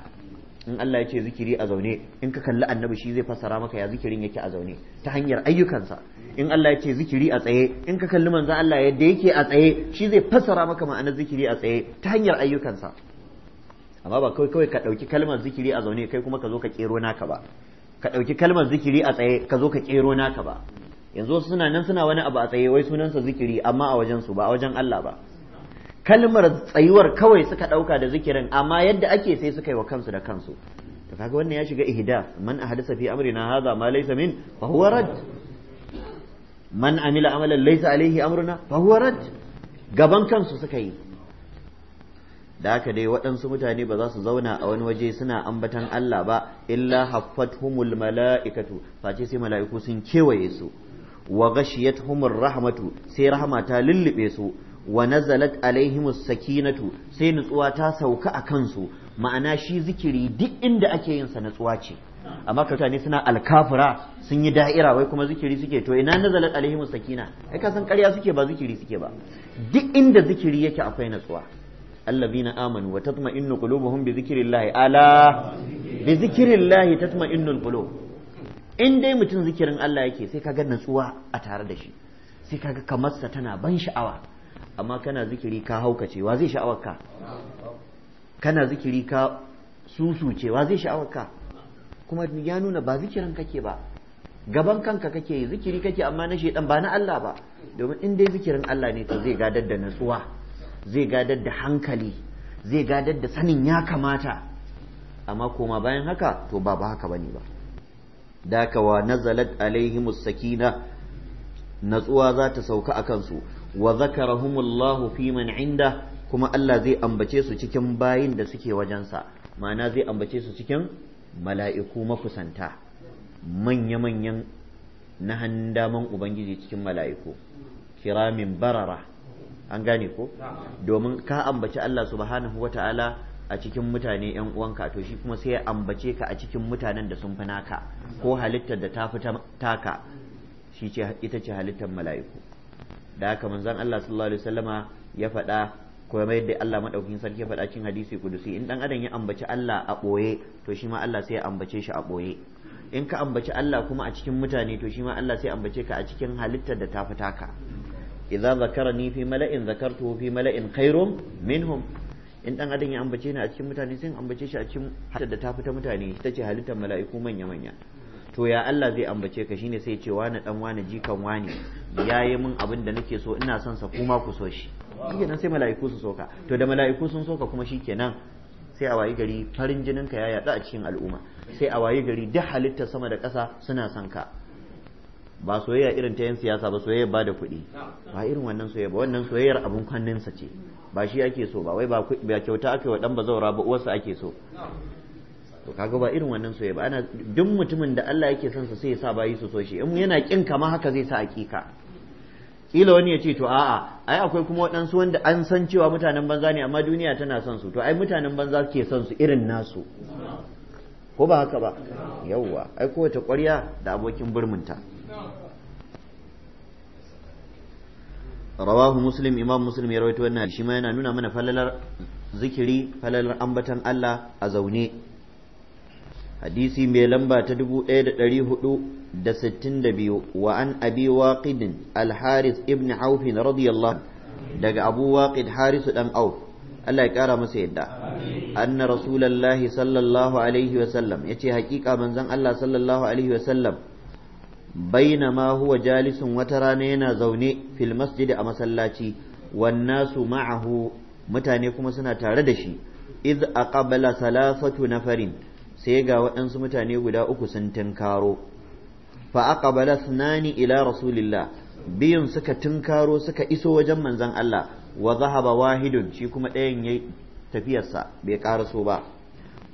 in Allah ya ce zikiri a zaune in ka kalli annabi shi zai fassara maka ya zikirin yake a zaune ta hanyar ayyukansa in Allah ya ce zikiri a tsaye in ka kalli manzo Allah yadda yake a tsaye shi zai fassara maka ma'anar zikiri a tsaye ta hanyar ayyukansa amma ba kawai kawai ka ɗauki kalmar zikiri a zaune kai kuma ka zo ka kero naka ba ka ɗauki kalmar zikiri a tsaye ka zo ka kero naka ba yanzu suna nan suna wani abu a tsaye wai sunansa zikiri amma a wajen su ba a wajen Allah ba kalmar tsayuwar kawai suka ɗauka da zikirin amma yadda ake sai suka yi wa kansu da kansu to kaga wannan ya shiga ihda man ahdasa fi amrina hadha ma laysa min fa huwa rad man amila amalan laysa alayhi amruna fa huwa rad gaban kansu suka yi da haka dai waɗansu mutane ba za su zauna a wani waje suna ambatan Allah ba illa haffathumul mala'ikatu face sai mala'iku sun kewaye su wa ghashiyatuhum rahmatu sai rahama ta lullube su wa nazalat alaihimus sakinatu sai nutsuwa ta sauka a kansu ma'ana shi zikiri duk inda ake yin sa nutsuwa ce amma ka mutane suna alkafira sun yi da'ira wai kuma zikiri suke to ina nazalat alaihimus sakina ai ka san ƙarya suke ba zikiri suke ba duk inda zikiri yake akwai nutsuwa allazina amanu wa tatma'innu qulubuhum bi zikrillahi ala bi zikrillahi tatma'innul qulub in dai mutum zikirin Allah yake sai kaga natsuwa a tare da shi sai kaga kamarsa tana ban sha'awa amma kana zikiri ka haukace wa zai sha'awarka kana zikiri ka susuce wa zai sha'awarka kuma ya nuna ba zikirin kake ba gaban kanka kake zikiri kake amma na shedan ba na Allah ba domin in dai zikirin Allah ne to zai gadar da natsuwa zai gadar da hankali zai gadar da sanin ya kamata amma koma bayan haka to ba ba haka bane ba daka wa nazalat alaihimus sakina natsuwa za ta sauka a kansu wa zakarahumullahu fi man inda kuma Allah zai ambace su cikin bayin da suke wajensa ma'ana zai ambace su cikin mala'iku makusanta manya-manyan na hannun daman ubangiji cikin mala'iku kiramin barara an gane ko domin ka ambaci Allah subhanahu wata'ala a cikin mutane yan uwanka to shi kuma sai ya ambace ka a cikin mutanen da sun fi naka ko halittar da ta fi taka shi ce ita ce halittar mala'iku da haka manzon Allah sallallahu alaihi wasallama ya faɗa kuma yadda Allah madaukakin sarki ya faɗa cikin hadisi kudusi in dan adam ya ambaci Allah a ɓoye to shi ma Allah sai ya ambace shi a ɓoye in ka ambaci Allah kuma a cikin mutane to shi ma Allah sai ya ambace ka a cikin halittar da ta fitaka idza zakarani fi mala'in zakartuhu fi mala'in khairum minhum in dan adam ya ambace ni a cikin mutane sai ambace shi a cikin hatta da ta ta mutane ita ce halittar mala'iku manya manya to ya Allah zai ambace ka shine sai ce wani dan wani jikan wani yayi min abin da nake so ina son sa kuma ku so shi kenan sai mala'iku su soka to da mala'iku sun soka kuma shikenan sai a wayi gari farin jinin ka ya yaɗu a cikin al'umma sai a wayi gari duk halittar sama da ƙasa suna son ka ba soyayya irin ta yan siyasa ba soyayya ba da kuɗi ba irin wannan soyayya ba wannan soyayyar abun hannunsa ce ba shi ake so ba wai ba kyauta ake wa dan bazaura ba uwarsa ake so to kaga ba irin wannan soyayya ba ana duk mutumin da Allah yake son sa sai ya sa bayi su so shi in yana kin kama haka zai sa hakika kila wani ya ce to a'a ai akwai kuma waɗansu wanda an san cewa mutanen banza ne amma duniya tana son su to ai mutanen banza ke son su irin nasu ko ba haka ba yawwa ai kowace ƙwarya da abokin burminta rawahu muslim imam muslim ya rawaito wannan shi ma yana nuna mana falalar zikiri falalar ambatan Allah a zaune hadisi mai lamba ta 1462 wa an abi waqid al harith ibn auf radiyallahu daga abu waqid harith dan auf Allah ya kara masa yadda anna rasulullahi sallallahu alaihi wa sallam yace hakika manzon Allah sallallahu alaihi wa sallam baina ma huwa jalisun wata rana yana zaune fil masjidi a masallaci wan nasu ma'ahu mutane kuma suna tare da shi iz aqbala salasatu nafarin sai ga waɗansu mutane guda uku sun tinkaro fa aqbala sunani ila rasulillah biyun suka tinkaro suka iso wajen manzon Allah wa zahaba wahidun shi kuma ɗayan yayi tafiyarsa bai karaso ba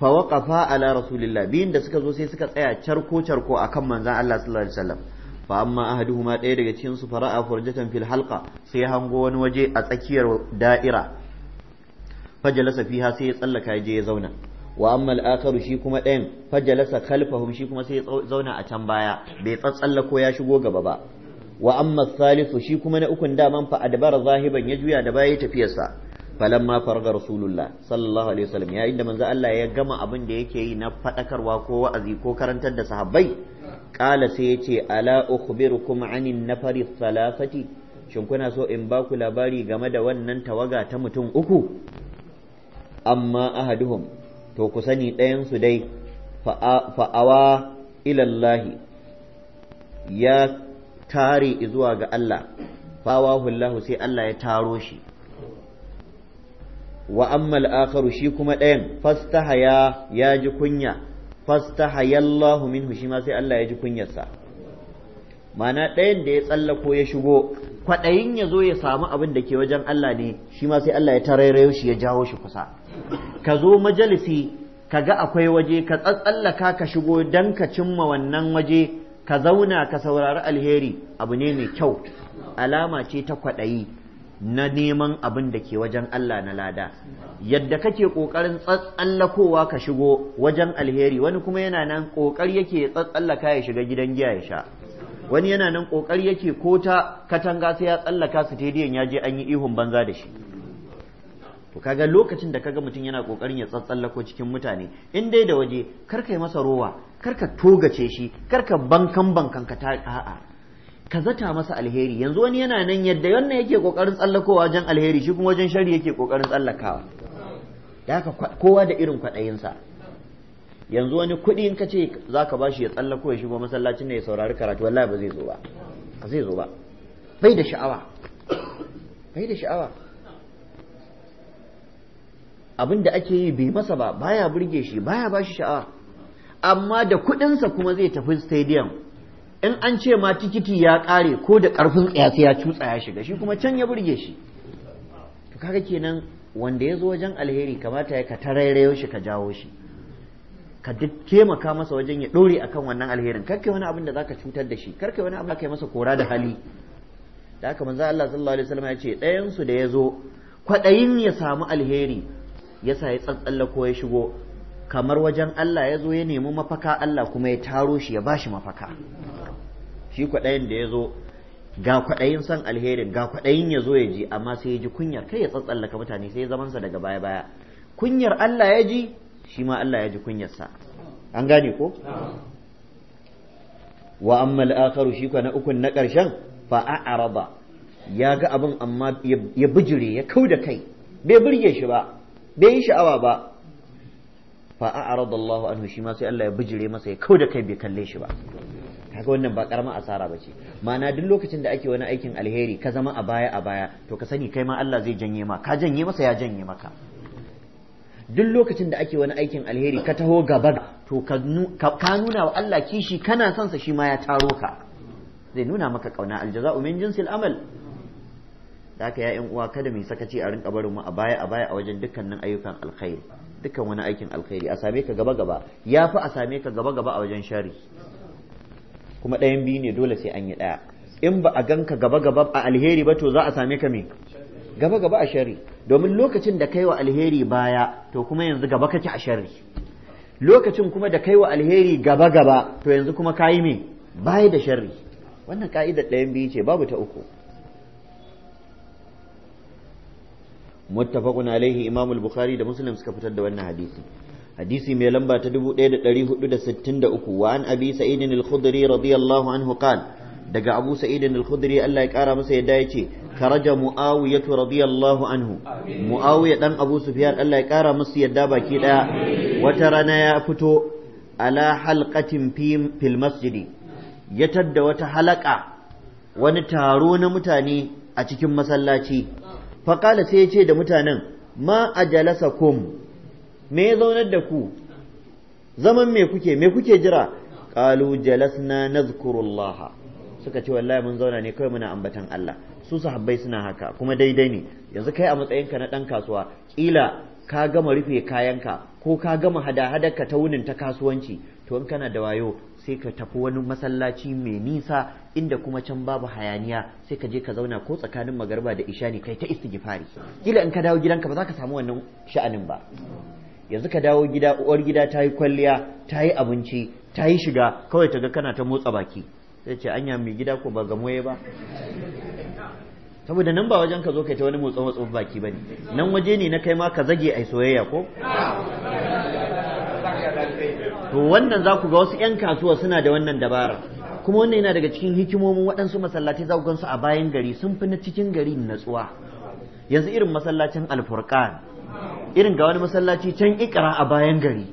fa waqafa ala rasulillah biyun da suka zo sai suka tsaya charko charko akan manzon Allah sallallahu alaihi wasallam fa amma ahaduhuma ɗaya daga cikin su fara'a furjatan fil halqa sai hango wani waje a tsakiyar da'ira fajalasa fiha sai ya tsallaka ya je ya zauna wa amma al shi kuma ɗayan fajalasa khalfahum shi kuma sai ya zauna a can baya bai tsatsallako ya shigo gaba ba wa amma Salisu shi kuma na ukun daman fa adbara zahiban ya juya da baya tafiyarsa falamma farga rasulullah sallallahu alaihi wasallam Ya da manzo Allah ya gama abin da yake yi na fadakarwa ko wa'azi ko karantar da sahabbai Ƙala sai yace ala ukhbirukum anin nafari thalathati shin kuna so in ba ku labari game da wannan tawaga ta mutum uku amma ahaduhum to ku sani ɗayan su dai fa'awa ilallahi ya tare zuwa ga Allah fawahu Allah sai Allah ya taro shi wa amma shi kuma ɗayan fastahaya ya ji kunya fastahaya Allahu minhu shi ma sai Allah ya ji kunyarsa mana ɗayan da ya tsallako ya shigo kwaɗayin ya zo ya samu abin da ke wajen Allah ne shi ma sai Allah ya tarairayo shi ya jawo shi kusa ka zo majalisi ka ga akwai waje ka tsallaka ka shigo dan ka cimma wannan waje ka zauna ka saurari alheri abu ne mai kyau alama ce ta kwaɗayi na neman abin da ke wajen Allah na lada yadda kake kokarin tsatsallakowa ka shigo wajen alheri wani kuma yana nan kokari yake tsatsallaka ya shiga gidan giya ya sha wani yana nan kokari yake ko ta katanga sai ya tsallaka su tediyan ya je an yi ihun banza da shi to kaga lokacin da kaga mutum yana kokarin ya tsatsallako cikin mutane in dai da waje kar ka yi masa rowa kar ka togace shi kar ka bankan bankan ka ta a'a ka zata masa alheri yanzu wani yana nan yadda wannan yake kokarin tsallakowa wajen alheri shi kuma wajen shari yake kokarin tsallakawa da haka kowa da irin kwaɗayinsa yanzu wani kuɗi in ka ce za ka ba shi ya tsallako ya shigo masallacin ne ya saurari karatu wallahi ba zai zo ba ba zai zo ba bai da sha'awa bai da sha'awa abin da ake yi bai masa ba baya burge shi baya ba shi sha'awa amma da kuɗinsa kuma zai tafi stadium in an ce ma tikiti ya ƙare ko da ƙarfin tsayasa ya cutsa ya shiga shi kuma can ya burge shi to kaga kenan wanda ya zo wajen alheri kamata ya ka tarairayo shi ka jawo shi ka duk taimaka masa wajen ya ɗore akan wannan alherin karkai wani abin da zaka cutar da shi karkai wani abin da kai masa kora da hali da haka manzo Allah sallallahu alaihi ya ce ɗayan su da ya zo kwaɗayin ya samu alheri yasa ya tsatsallako ya shigo kamar wajen Allah ya zo ya nemi mafaka Allah kuma ya taro shi ya bashi mafaka shi kwaɗayin da ya zo ga kwaɗayin son alherin ga kwaɗayin ya zo ya ji amma sai ya ji kunyar kai ya tsatsallaka mutane sai ya zamansa daga baya baya kunyar Allah ya ji shi ma Allah ya ji kunyarsa an gane ko wa amma al-akharu shi na ukun na ƙarshen fa a'rada ya ga abin amma ya bijire ya kau da kai bai burge shi ba bai yi sha'awa ba fa a'rada Allah anhu shi ma sai Allah ya bijire masa ya da kai bai kalle shi ba kaga wannan ba karamar asara bace ma'ana duk lokacin da ake wani aikin alheri ka zama a baya a baya to ka sani kai ma Allah zai janye ma ka janye masa ya janye maka duk lokacin da ake wani aikin alheri ka taho gaba to ka nuna wa Allah kishi kana son sa shi ma ya taro ka zai nuna maka kauna aljaza'u min jinsil amal da haka ya yan uwa kada mai sakaci a rinka barin mu a baya a baya a wajen dukkanin ayyukan alkhairi dukkan wani aikin alkhairi a same ka gaba gaba ya fi a same ka gaba gaba a wajen shari kuma ɗayan biyu ne dole sai an yi ɗaya in ba a ganka gaba gaba a alheri ba to za a same ka me gaba gaba a shari domin lokacin da kai wa alheri baya to kuma yanzu gaba kake a shari lokacin kuma da kai wa alheri gaba gaba to yanzu kuma kayi me baya da shari wannan ka'idar ɗayan biyu ce babu ta uku muttafaqun alaihi imam al-bukhari da muslim suka fitar da wannan hadisi hadisi mai lamba ta 1463 wa an abi sa'id al-khudri radiyallahu anhu qala daga abu sa'id al-khudri Allah ya kara masa yadda yace karaja muawiyah radiyallahu anhu muawiya dan abu sufyan Allah ya kara masa yadda baki daya wata rana ya fito ala halqatin fi fil masjidi ya tadda wata halaka wani taro na mutane a cikin masallaci faƙala sai ya ce da mutanen ma a jalasa kum me ya zaunar da ku zaman me kuke me kuke jira na jalasna nazkurullah suka ce wallahi mun zauna ne kawai muna ambatan Allah su sahabbai suna haka kuma daidai ne yanzu kai a matsayinka na ɗan kasuwa ƙila ka gama rufe kayanka ko ka gama hada-hadarka ta wunin ta kasuwanci to in kana da wayo sai ka tafi wani masallaci mai nisa inda kuma can babu hayaniya sai ka je ka zauna ko tsakanin magarba da isha ne kai ta istighfari kila in ka dawo gidanka ba za ka samu wannan sha'anin ba yanzu ka dawo gida uwar gida ta yi kwalliya ta yi abinci ta yi shiga kawai ta ga kana ta motsa baki sai ce anya mai gida ko ba gamoye ba saboda nan ba wajen ka zo kai ta wani motsa motsa baki bane nan waje ne na kai ma ka zage ai soyayya ko to wannan za ku ga wasu 'yan kasuwa suna da wannan dabara kuma wannan yana daga cikin hikimomin waɗansu masallatai za ku gansu a bayan gari sun fi na cikin gari natsuwa yanzu irin masallacin alfurkan irin ga wani masallaci can ikra a bayan gari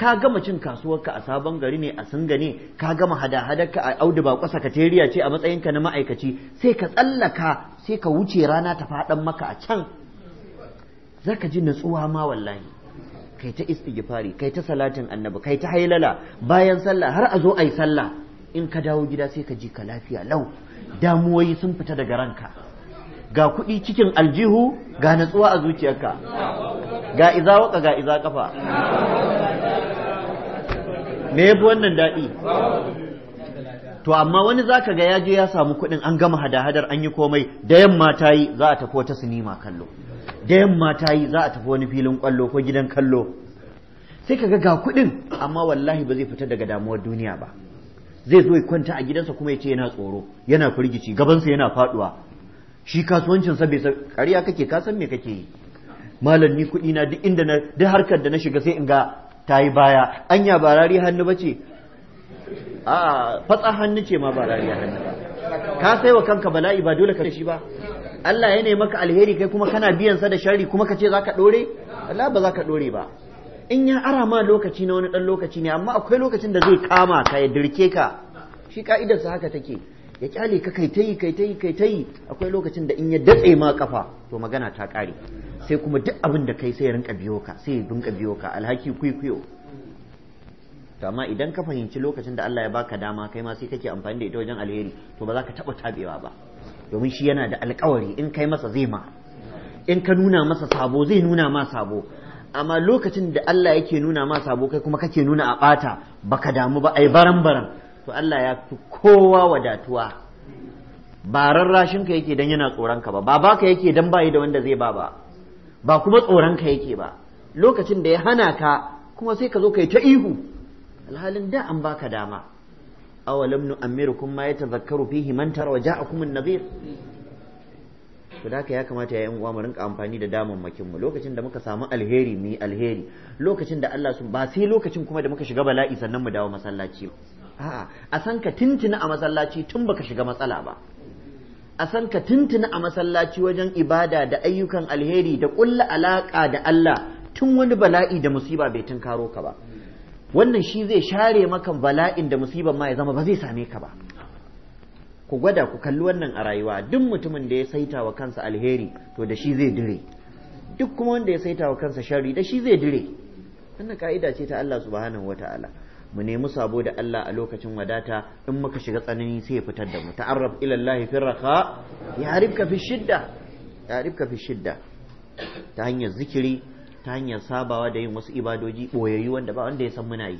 ka gama cin kasuwarka a sabon gari ne a singa ne ka gama hada hadar ka a audu ka teriya ce a matsayinka na ma'aikaci sai ka tsallaka sai ka wuce rana ta faɗan maka a can ka ji natsuwa ma wallahi kai ta istighfari kai ta salatin annabi kai ta hailala bayan sallah har a zo ai sallah in ka dawo gida sai ka ji ka lafiya lau damuwoyi sun fita daga ranka ga kuɗi cikin aljihu ga natsuwa a zuciyarka ga iza waka ga iza kafa me yafi wannan daɗi to amma wani zaka ga ya je ya samu kuɗin an gama hada-hadar an yi komai da yamma ta yi za a tafi wata sinima kallo da yamma ta yi za a tafi wani filin kwallo ko gidan kallo sai ka ga ga kuɗin amma wallahi ba zai fita daga damuwar duniya ba zai zo ya kwanta a gidansa kuma ya ce yana tsoro yana firgici gabansa yana faduwa shi kasuwancin sa bai san ƙarya kake ka san me kake yi malam ni kuɗi na duk inda na duk harkar da na shiga sai in ga ta yi baya anya ba rari hannu bace a fatsa hannu ce ma ba hannu ka sai wa kanka bala'i ba dole ka shi ba Allah ya nemi maka alheri kai kuma kana biyan sa da sharri kuma ka ce zaka dore Allah ba zaka dore ba in ya ara ma lokaci na wani dan lokaci ne amma akwai lokacin da zai kama ka ya dirke ka shi ka'idar sa haka take ya kyale ka kai tayi kai tayi kai tayi akwai lokacin da in ya datse ma kafa to magana ta kare sai kuma duk abin da kai sai ya rinka biyo ka sai ya rinka biyo ka alhaki kwikwiyo to amma idan ka fahimci lokacin da Allah ya baka dama kai ma sai kake amfani da ita wajen alheri to ba za ka taba tabewa ba domin shi yana da alkawari in kai masa zai ma in ka nuna masa sabo zai nuna ma sabo amma lokacin da Allah yake nuna ma sabo kai kuma kake nuna a bata baka damu ba ai baran baran to Allah ya fi kowa wadatuwa ba rarrashin ka yake dan yana tsoron ka ba ba baka yake dan bayi da wanda zai ba ba ba kuma tsoron ka yake ba lokacin da ya hana ka kuma sai ka zo kai ta ihu alhalin da an baka dama أو لم نؤمركم ما يتذكر فيه من ترى وجاءكم النذير kudaka ya kamata yayin uwa mu rinka amfani da damammakin mu lokacin da muka samu alheri mu alheri lokacin da Allah sun ba sai lokacin kuma da muka shiga bala'i sannan mu dawo masallaci a'a a san ka tintina a masallaci tun baka shiga matsala ba a san ka tintina a masallaci wajen ibada da ayyukan alheri da kulla alaka da Allah tun wani bala'i da musiba bai tunkaro ka ba wannan shi zai share maka bala'in da musibar ma ya zama ba zai same ka ba ku gwada ku kalli wannan a rayuwa duk mutumin da ya saita wa kansa alheri to da shi zai dire duk kuma wanda ya saita wa kansa sharri da shi zai dire wannan ka'ida ce ta Allah subhanahu wata'ala mu nemi sabo da Allah a lokacin wadata in muka shiga tsanani sai ya fitar da mu ta'arraf ila Allah fi ya ribka fi shidda ya ribka fi shidda ta hanyar zikiri ta hanyar sabawa da yin wasu ibadoji boyayyu wanda ba wanda ya san muna yi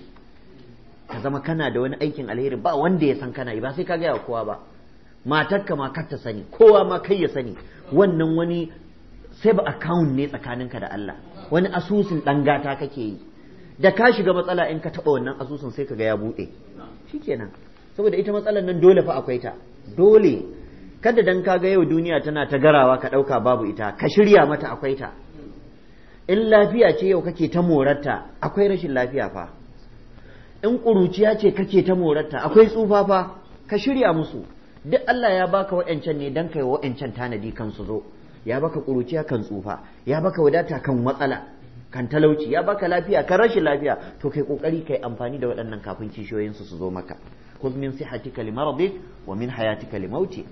ka zama kana da wani aikin alheri ba wanda ya san kana yi ba sai ka gaya kowa ba matarka ma kar ta sani kowa ma kai ya sani wannan wani save account ne tsakaninka da Allah wani asusun dan kake yi da ka shiga matsala in ka taba wannan asusun sai ka ga ya bude shikenan saboda ita matsalar nan dole fa akwai ta dole kada dan ka ga yau duniya tana ta garawa ka ɗauka babu ita ka shirya mata akwai ta in lafiya ce yau kake ta morarta akwai rashin lafiya fa in ƙuruciya ce kake ta morarta akwai tsufa fa ka shirya musu duk Allah ya baka wa'ancan ne dan kai wa'ancan tanadi kan su zo ya baka ƙuruciya kan tsufa ya baka wadata kan matsala kan talauci ya baka lafiya kan rashin lafiya to kai kokari kai amfani da waɗannan kafin kishiyoyin su su zo maka kuz min sihhatika limaradik wa min hayatika limautik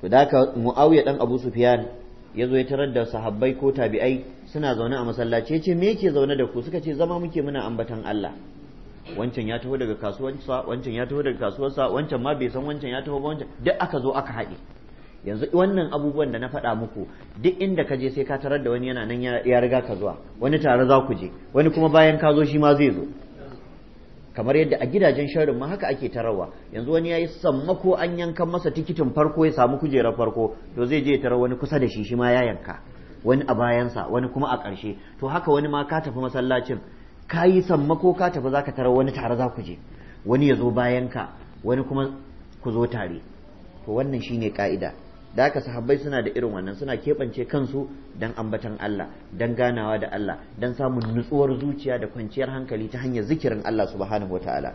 to da ka Muawiya dan Abu Sufyan ya zo ya tarar da sahabbai ko tabi'ai suna zaune a masallaci ya ce me yake zaune da ku suka ce zama muke muna ambatan Allah wancan ya taho daga kasuwarsa wancan ya taho daga kasuwarsa wancan ma bai san wancan ya taho ba wancan duk aka zo aka haɗe yanzu wannan abubuwan da na faɗa muku duk inda ka je sai ka tarar da wani yana nan ya riga ka zuwa wani tare za ku je wani kuma bayan ka zo shi ma zai zo kamar yadda a gidajen sharin ma haka ake tarawa yanzu wani ya yi sammako an yankan masa tikitin farko ya samu kujerar farko to zai je tarar wani kusa da shi shi ma ya yanka wani a bayansa wani kuma a ƙarshe to haka wani ma ka tafi masallacin ka yi sammako ka tafi zaka tarar wani tare za ku je wani ya zo bayanka wani kuma ku zo tare to wannan shine ka'ida da haka sahabbai suna da irin wannan suna keɓance kansu don ambatan Allah don ganawa da Allah don samun nutsuwar zuciya da kwanciyar hankali ta hanyar zikirin Allah subhanahu wataala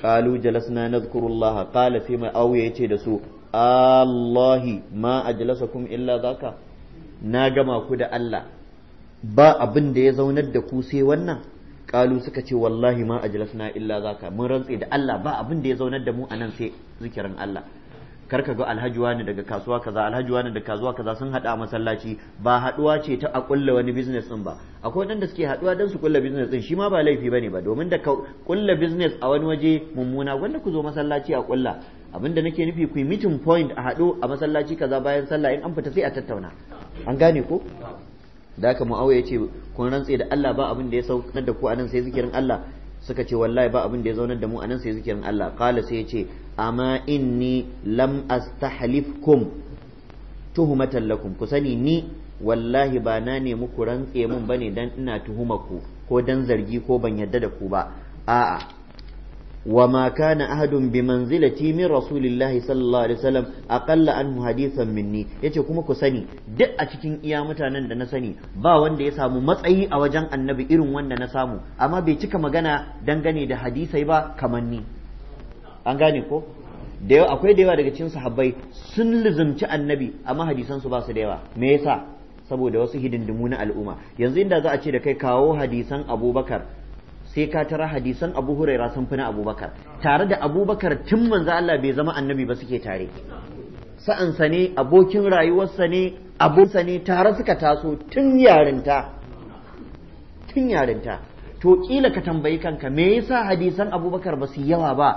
qalu jalasna nadhkurullah qala fi ma aw yace da su Allahi ma ajlasakum illa zaka na gama ku da Allah ba abin da ya zaunar da ku sai wannan qalu suka ce wallahi ma ajlasna illa zaka mun rantse da Allah ba abin da ya zaunar da mu anan sai zikirin Allah kar ka ga alhaji wani daga kasuwa kaza alhaji wani daga kasuwa kaza sun hada masallaci ba haduwa ce ta a kulla wani business din ba akwai wadanda suke haduwa dan su kulla business din shi ma ba laifi bane ba domin da ka kulla business a wani waje mummuna wanda ku zo masallaci a kulla abinda nake nufi ku meeting point a hadu a masallaci kaza bayan sallah in an fita sai a tattauna an gane ko da haka mu'awiya ce kun rantse da Allah ba abin da ya saukar da ku anan sai zikirin Allah suka ce wallahi ba abin da ya zaunar da mu anan sai zikirin Allah qala sai ya ce amma inni lam astahlifkum tuhmatan lakum ku sani ni wallahi ba na ne muku rantse mun bane dan ina tuhuma ku ko dan zargi ko ban yadda da ku ba a'a wa ma kana ahadun bi manzilati min rasulillahi sallallahu alaihi wasallam aqalla anhu hadithan minni yace kuma ku sani duk a cikin iya mutanen da na sani ba wanda ya samu matsayi a wajen annabi irin wanda na samu amma bai cika magana dangane da hadisai ba kamar an gane ko da yawa akwai da yawa daga cikin sahabbai sun lizumci annabi amma hadisansu ba su da yawa me ya sa? saboda wasu hidindimu na al'umma yanzu inda za a ce da kai kawo hadisan abubakar sai ka tara hadisan Abu Huraira sun fi na Abubakar tare da Abubakar tun manzo Allah bai zama annabi ba suke tare sa'ansa ne abokin rayuwarsa ne abunsa ne tare suka taso tun yarinta tun yarinta to kila ka tambayi kanka me yasa hadisan Abubakar ba su yawa ba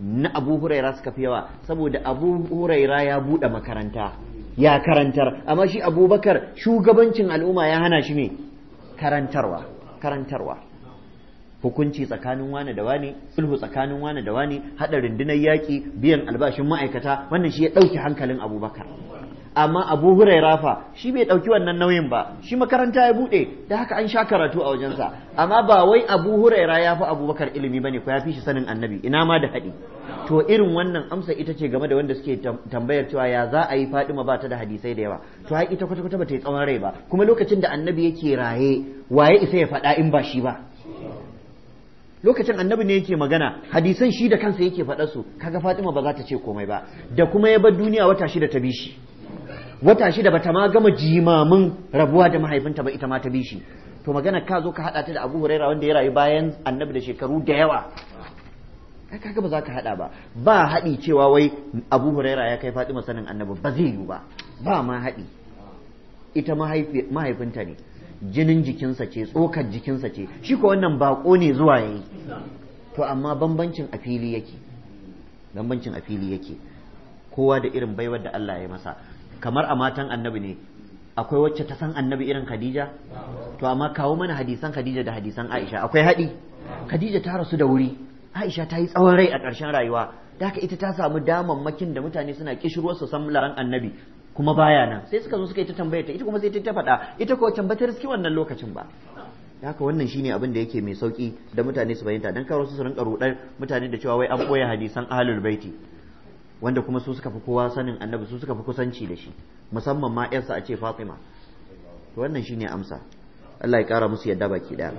na Abu Huraira suka fi yawa saboda Abu Huraira ya buɗe makaranta ya karantar amma shi Abubakar shugabancin al'umma ya hana shi ne karantarwa hukunci tsakanin wane da wani, sulhu tsakanin wane da wani, haɗa rundunar yaƙi biyan albashin ma'aikata wannan shi ya ɗauki hankalin abubakar amma abu huraira fa shi bai ɗauki wannan nauyin ba shi makaranta ya buɗe da haka an sha karatu a wajensa amma ba wai abu huraira ya fi abubakar ilimi ba ne ko ya fi shi sanin annabi ina ma da haɗi to irin wannan amsa ita ce game da wanda suke tambayar cewa ya za a yi fadima ba ta da hadisai da yawa to ai ita kwata-kwata ba ta yi tsawon rai ba kuma lokacin da annabi yake raye waye isa ya faɗa in ba shi ba lokacin annabi ne yake magana hadisan shi da kansa yake faɗa su kaga fatima ba za ta ce komai ba da kuma ya bar duniya wata shida ta bi shi wata shida bata ma gama jimamin rabuwa da mahaifinta ba ita ma ta bi shi to magana ka zo ka haɗa ta da abu huraira wanda ya rayu bayan annabi da shekaru da yawa kai kaga ba za ka haɗa ba ba haɗi cewa wai abu huraira ya kai fatima sanin annabi ba zai yiwu ba ba ma haɗi ita mahaifinta ne jinin jikinsa ce tsokar jikinsa ce shi ko wannan bako ne zuwa yayi to amma bambancin a fili yake bambancin a yake kowa da irin baiwar da Allah ya masa kamar a matan annabi ne akwai wacce ta san annabi irin Khadija to amma kawo mana hadisan Khadija da hadisan Aisha akwai haɗi Khadija ta rasu da wuri Aisha ta yi tsawon rai a ƙarshen rayuwa da ita ta samu damammakin da mutane suna kishirwar su san laran annabi kuma baya nan sai suka zo suka yi ta tambaya ta ita kuma sai ta ta faɗa ita ko can bata riski wannan lokacin ba haka wannan shine abin da yake mai sauki da mutane su fahimta dan karo su su rinka rudar mutane da cewa wai an boye hadisan ahlul baiti wanda kuma su suka fi kowa sanin annabi su suka fi kusanci da shi musamman ma yarsa a ce fatima to wannan shine amsa Allah ya kara musu yadda baki daya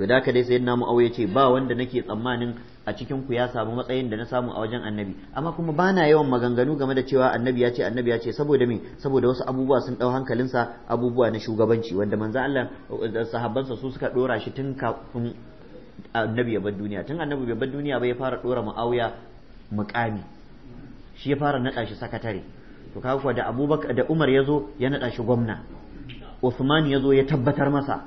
to da ka dai sayyidina mu'awiya ce ba wanda nake tsammanin a cikin ku ya samu matsayin da na samu a wajen annabi amma kuma bana yawan maganganu game da cewa annabi ya ce annabi ya ce saboda me saboda wasu abubuwa sun dau hankalinsa abubuwa na shugabanci wanda manzo Allah sahabbansa su suka dora shi tun kafin annabi ya bar duniya tun annabi bai bar duniya ba ya fara dora Muawiya muqami shi ya fara nada shi sakatare to kaga da Abubakar da Umar yazo ya nada shi gwamna Uthman yazo ya tabbatar masa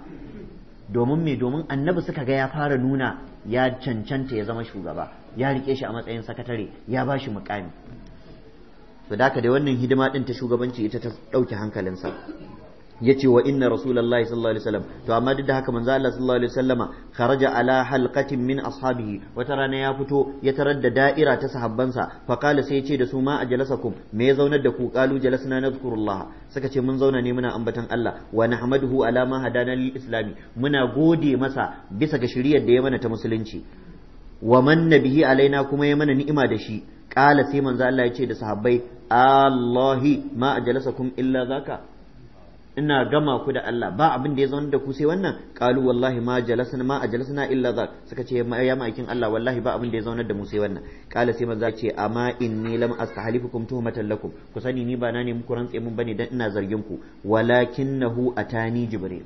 domin me domin annabi suka ga ya fara nuna ya cancanta ya zama shugaba ya rike shi a matsayin sakatare ya ba shi mukami to da da wannan hidima din ta shugabanci ita ta ɗauki hankalinsa Ya ce wa inna rasulullahi sallallahu alaihi wasallam to amma duk da haka manzo Allah sallallahu alaihi wasallama kharaja ala halqatin min ashabihi wata rana ya fito ya tarar da da'ira ta sahabbansa fa qala sai yace da su ma ajalasakum me ya zaunar da ku qalu jalasna nadhkurullah suka ce mun zauna ne muna ambatan Allah wa nahmaduhu ala ma hadana lil islami muna gode masa bisa ga shiriyar da ya mana ta musulunci wa man nabihi alaina kuma ya mana ni'ima da shi qala sai manzo Allah ce da sahabbai Allahi ma ajalasakum illa zaka ina gama ku da Allah ba abin da ya zauna da ku sai wannan qalu wallahi ma jalasna ma ajlasna illa zak suka ce ya ma'aikin Allah wallahi ba abin da ya zauna da mu sai wannan qala sai manzo ce amma inni lam astahlifukum tuhmatan lakum ku sani ni ba na ne muku rantse mun bane dan ina zargin ku walakinahu atani jibril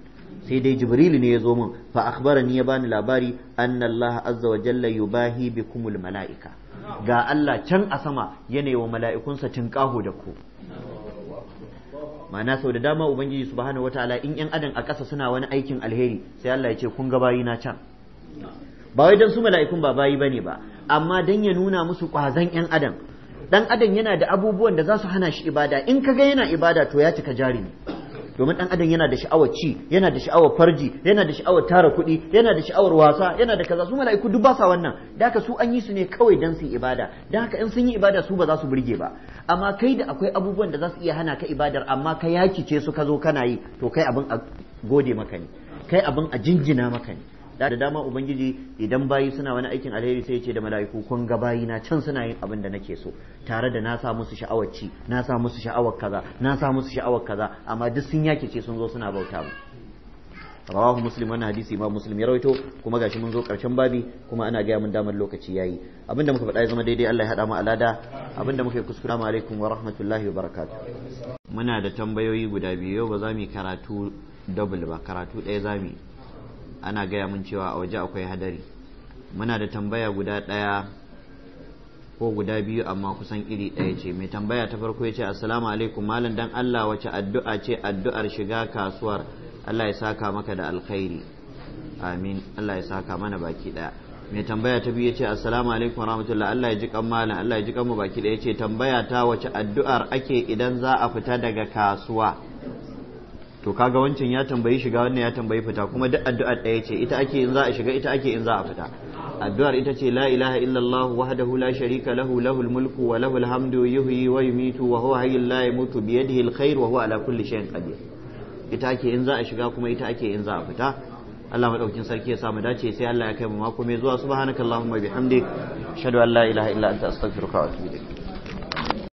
sai dai jibril ne ya zo min fa ni ya bani labari anna Allah azza wa jalla yubahi bikumul malaika ga Allah can a sama yana yi wa mala'ikunsa tinkaho da ku ma'ana sau da dama ubangiji subhanahu wataala in yan adam a ƙasa suna wani aikin alheri sai Allah ya ce kun ga bayi na can ba wai dan su mala'ikun ba bayi bane ba amma dan ya nuna musu kwazan yan adam ɗan adam yana da abubuwan da za su hana shi ibada in ka ga yana ibada to ya cika jari ne domin ɗan adam yana da sha'awar ci yana da sha'awar farji yana da sha'awar tara kuɗi yana da sha'awar wasa yana da kaza su mala'iku duk ba wannan da haka su an yi su ne kawai don su yi ibada da haka in sun yi ibada su ba za su burge ba amma kai da akwai abubuwan da za su iya hana ka ibadar amma ka ce su ka zo kana yi to kai abin a gode maka ne kai abin a jinjina maka ne da da dama ubangiji idan bayi suna wani aikin alheri sai ya ce da mala'iku kun ga bayi na can suna yin abin da nake so tare da na sa musu sha'awar ci na sa musu sha'awar kaza na sa musu sha'awar kaza amma duk sun yake ce sun zo suna bauta mu rawahu muslim wannan hadisi imam muslim ya rawaito kuma gashi mun zo karshen babi kuma ana gaya mun damar lokaci yayi abinda muka faɗa ya zama daidai Allah ya hada mu alada abinda muka yi kuskura mu alaikum wa rahmatullahi wa barakatuh muna da tambayoyi guda biyu yau ba za mu karatu double ba karatu ɗaya za mu ana gaya mun cewa a waje akwai hadari muna da tambaya guda ɗaya ko guda biyu amma kusan iri ɗaya ce mai tambaya ta farko ya ce assalamu alaikum malam dan Allah wace addu'a ce addu'ar shiga kasuwar Allah ya saka maka da alkhairi amin Allah ya saka mana baki ɗaya mai tambaya ta biyu ya ce assalamu alaikum rahmatullah Allah ya ji kan malam Allah ya ji kan mu baki ɗaya ya ce tambaya ta wace addu'ar ake idan za a fita daga kasuwa to kaga wancan ya tambayi shiga wannan ya tambayi fita kuma duk addu'a ɗaya ce ita ake in za a shiga ita ake in za a fita addu'ar ita ce la ilaha illallah wahdahu la sharika lahu lahul mulku wa lahul hamdu yuhyi wa yumitu wa huwa hayyul la yamutu bi yadihi alkhair wa huwa ala kulli shay'in qadir ita ake in za a shiga kuma ita ake in za a fita Allah madaukakin sarki ya sa mu dace sai Allah ya kai mu mako mai zuwa subhanakallahumma bihamdik ashhadu an la ilaha illa anta astaghfiruka wa atubu ilaik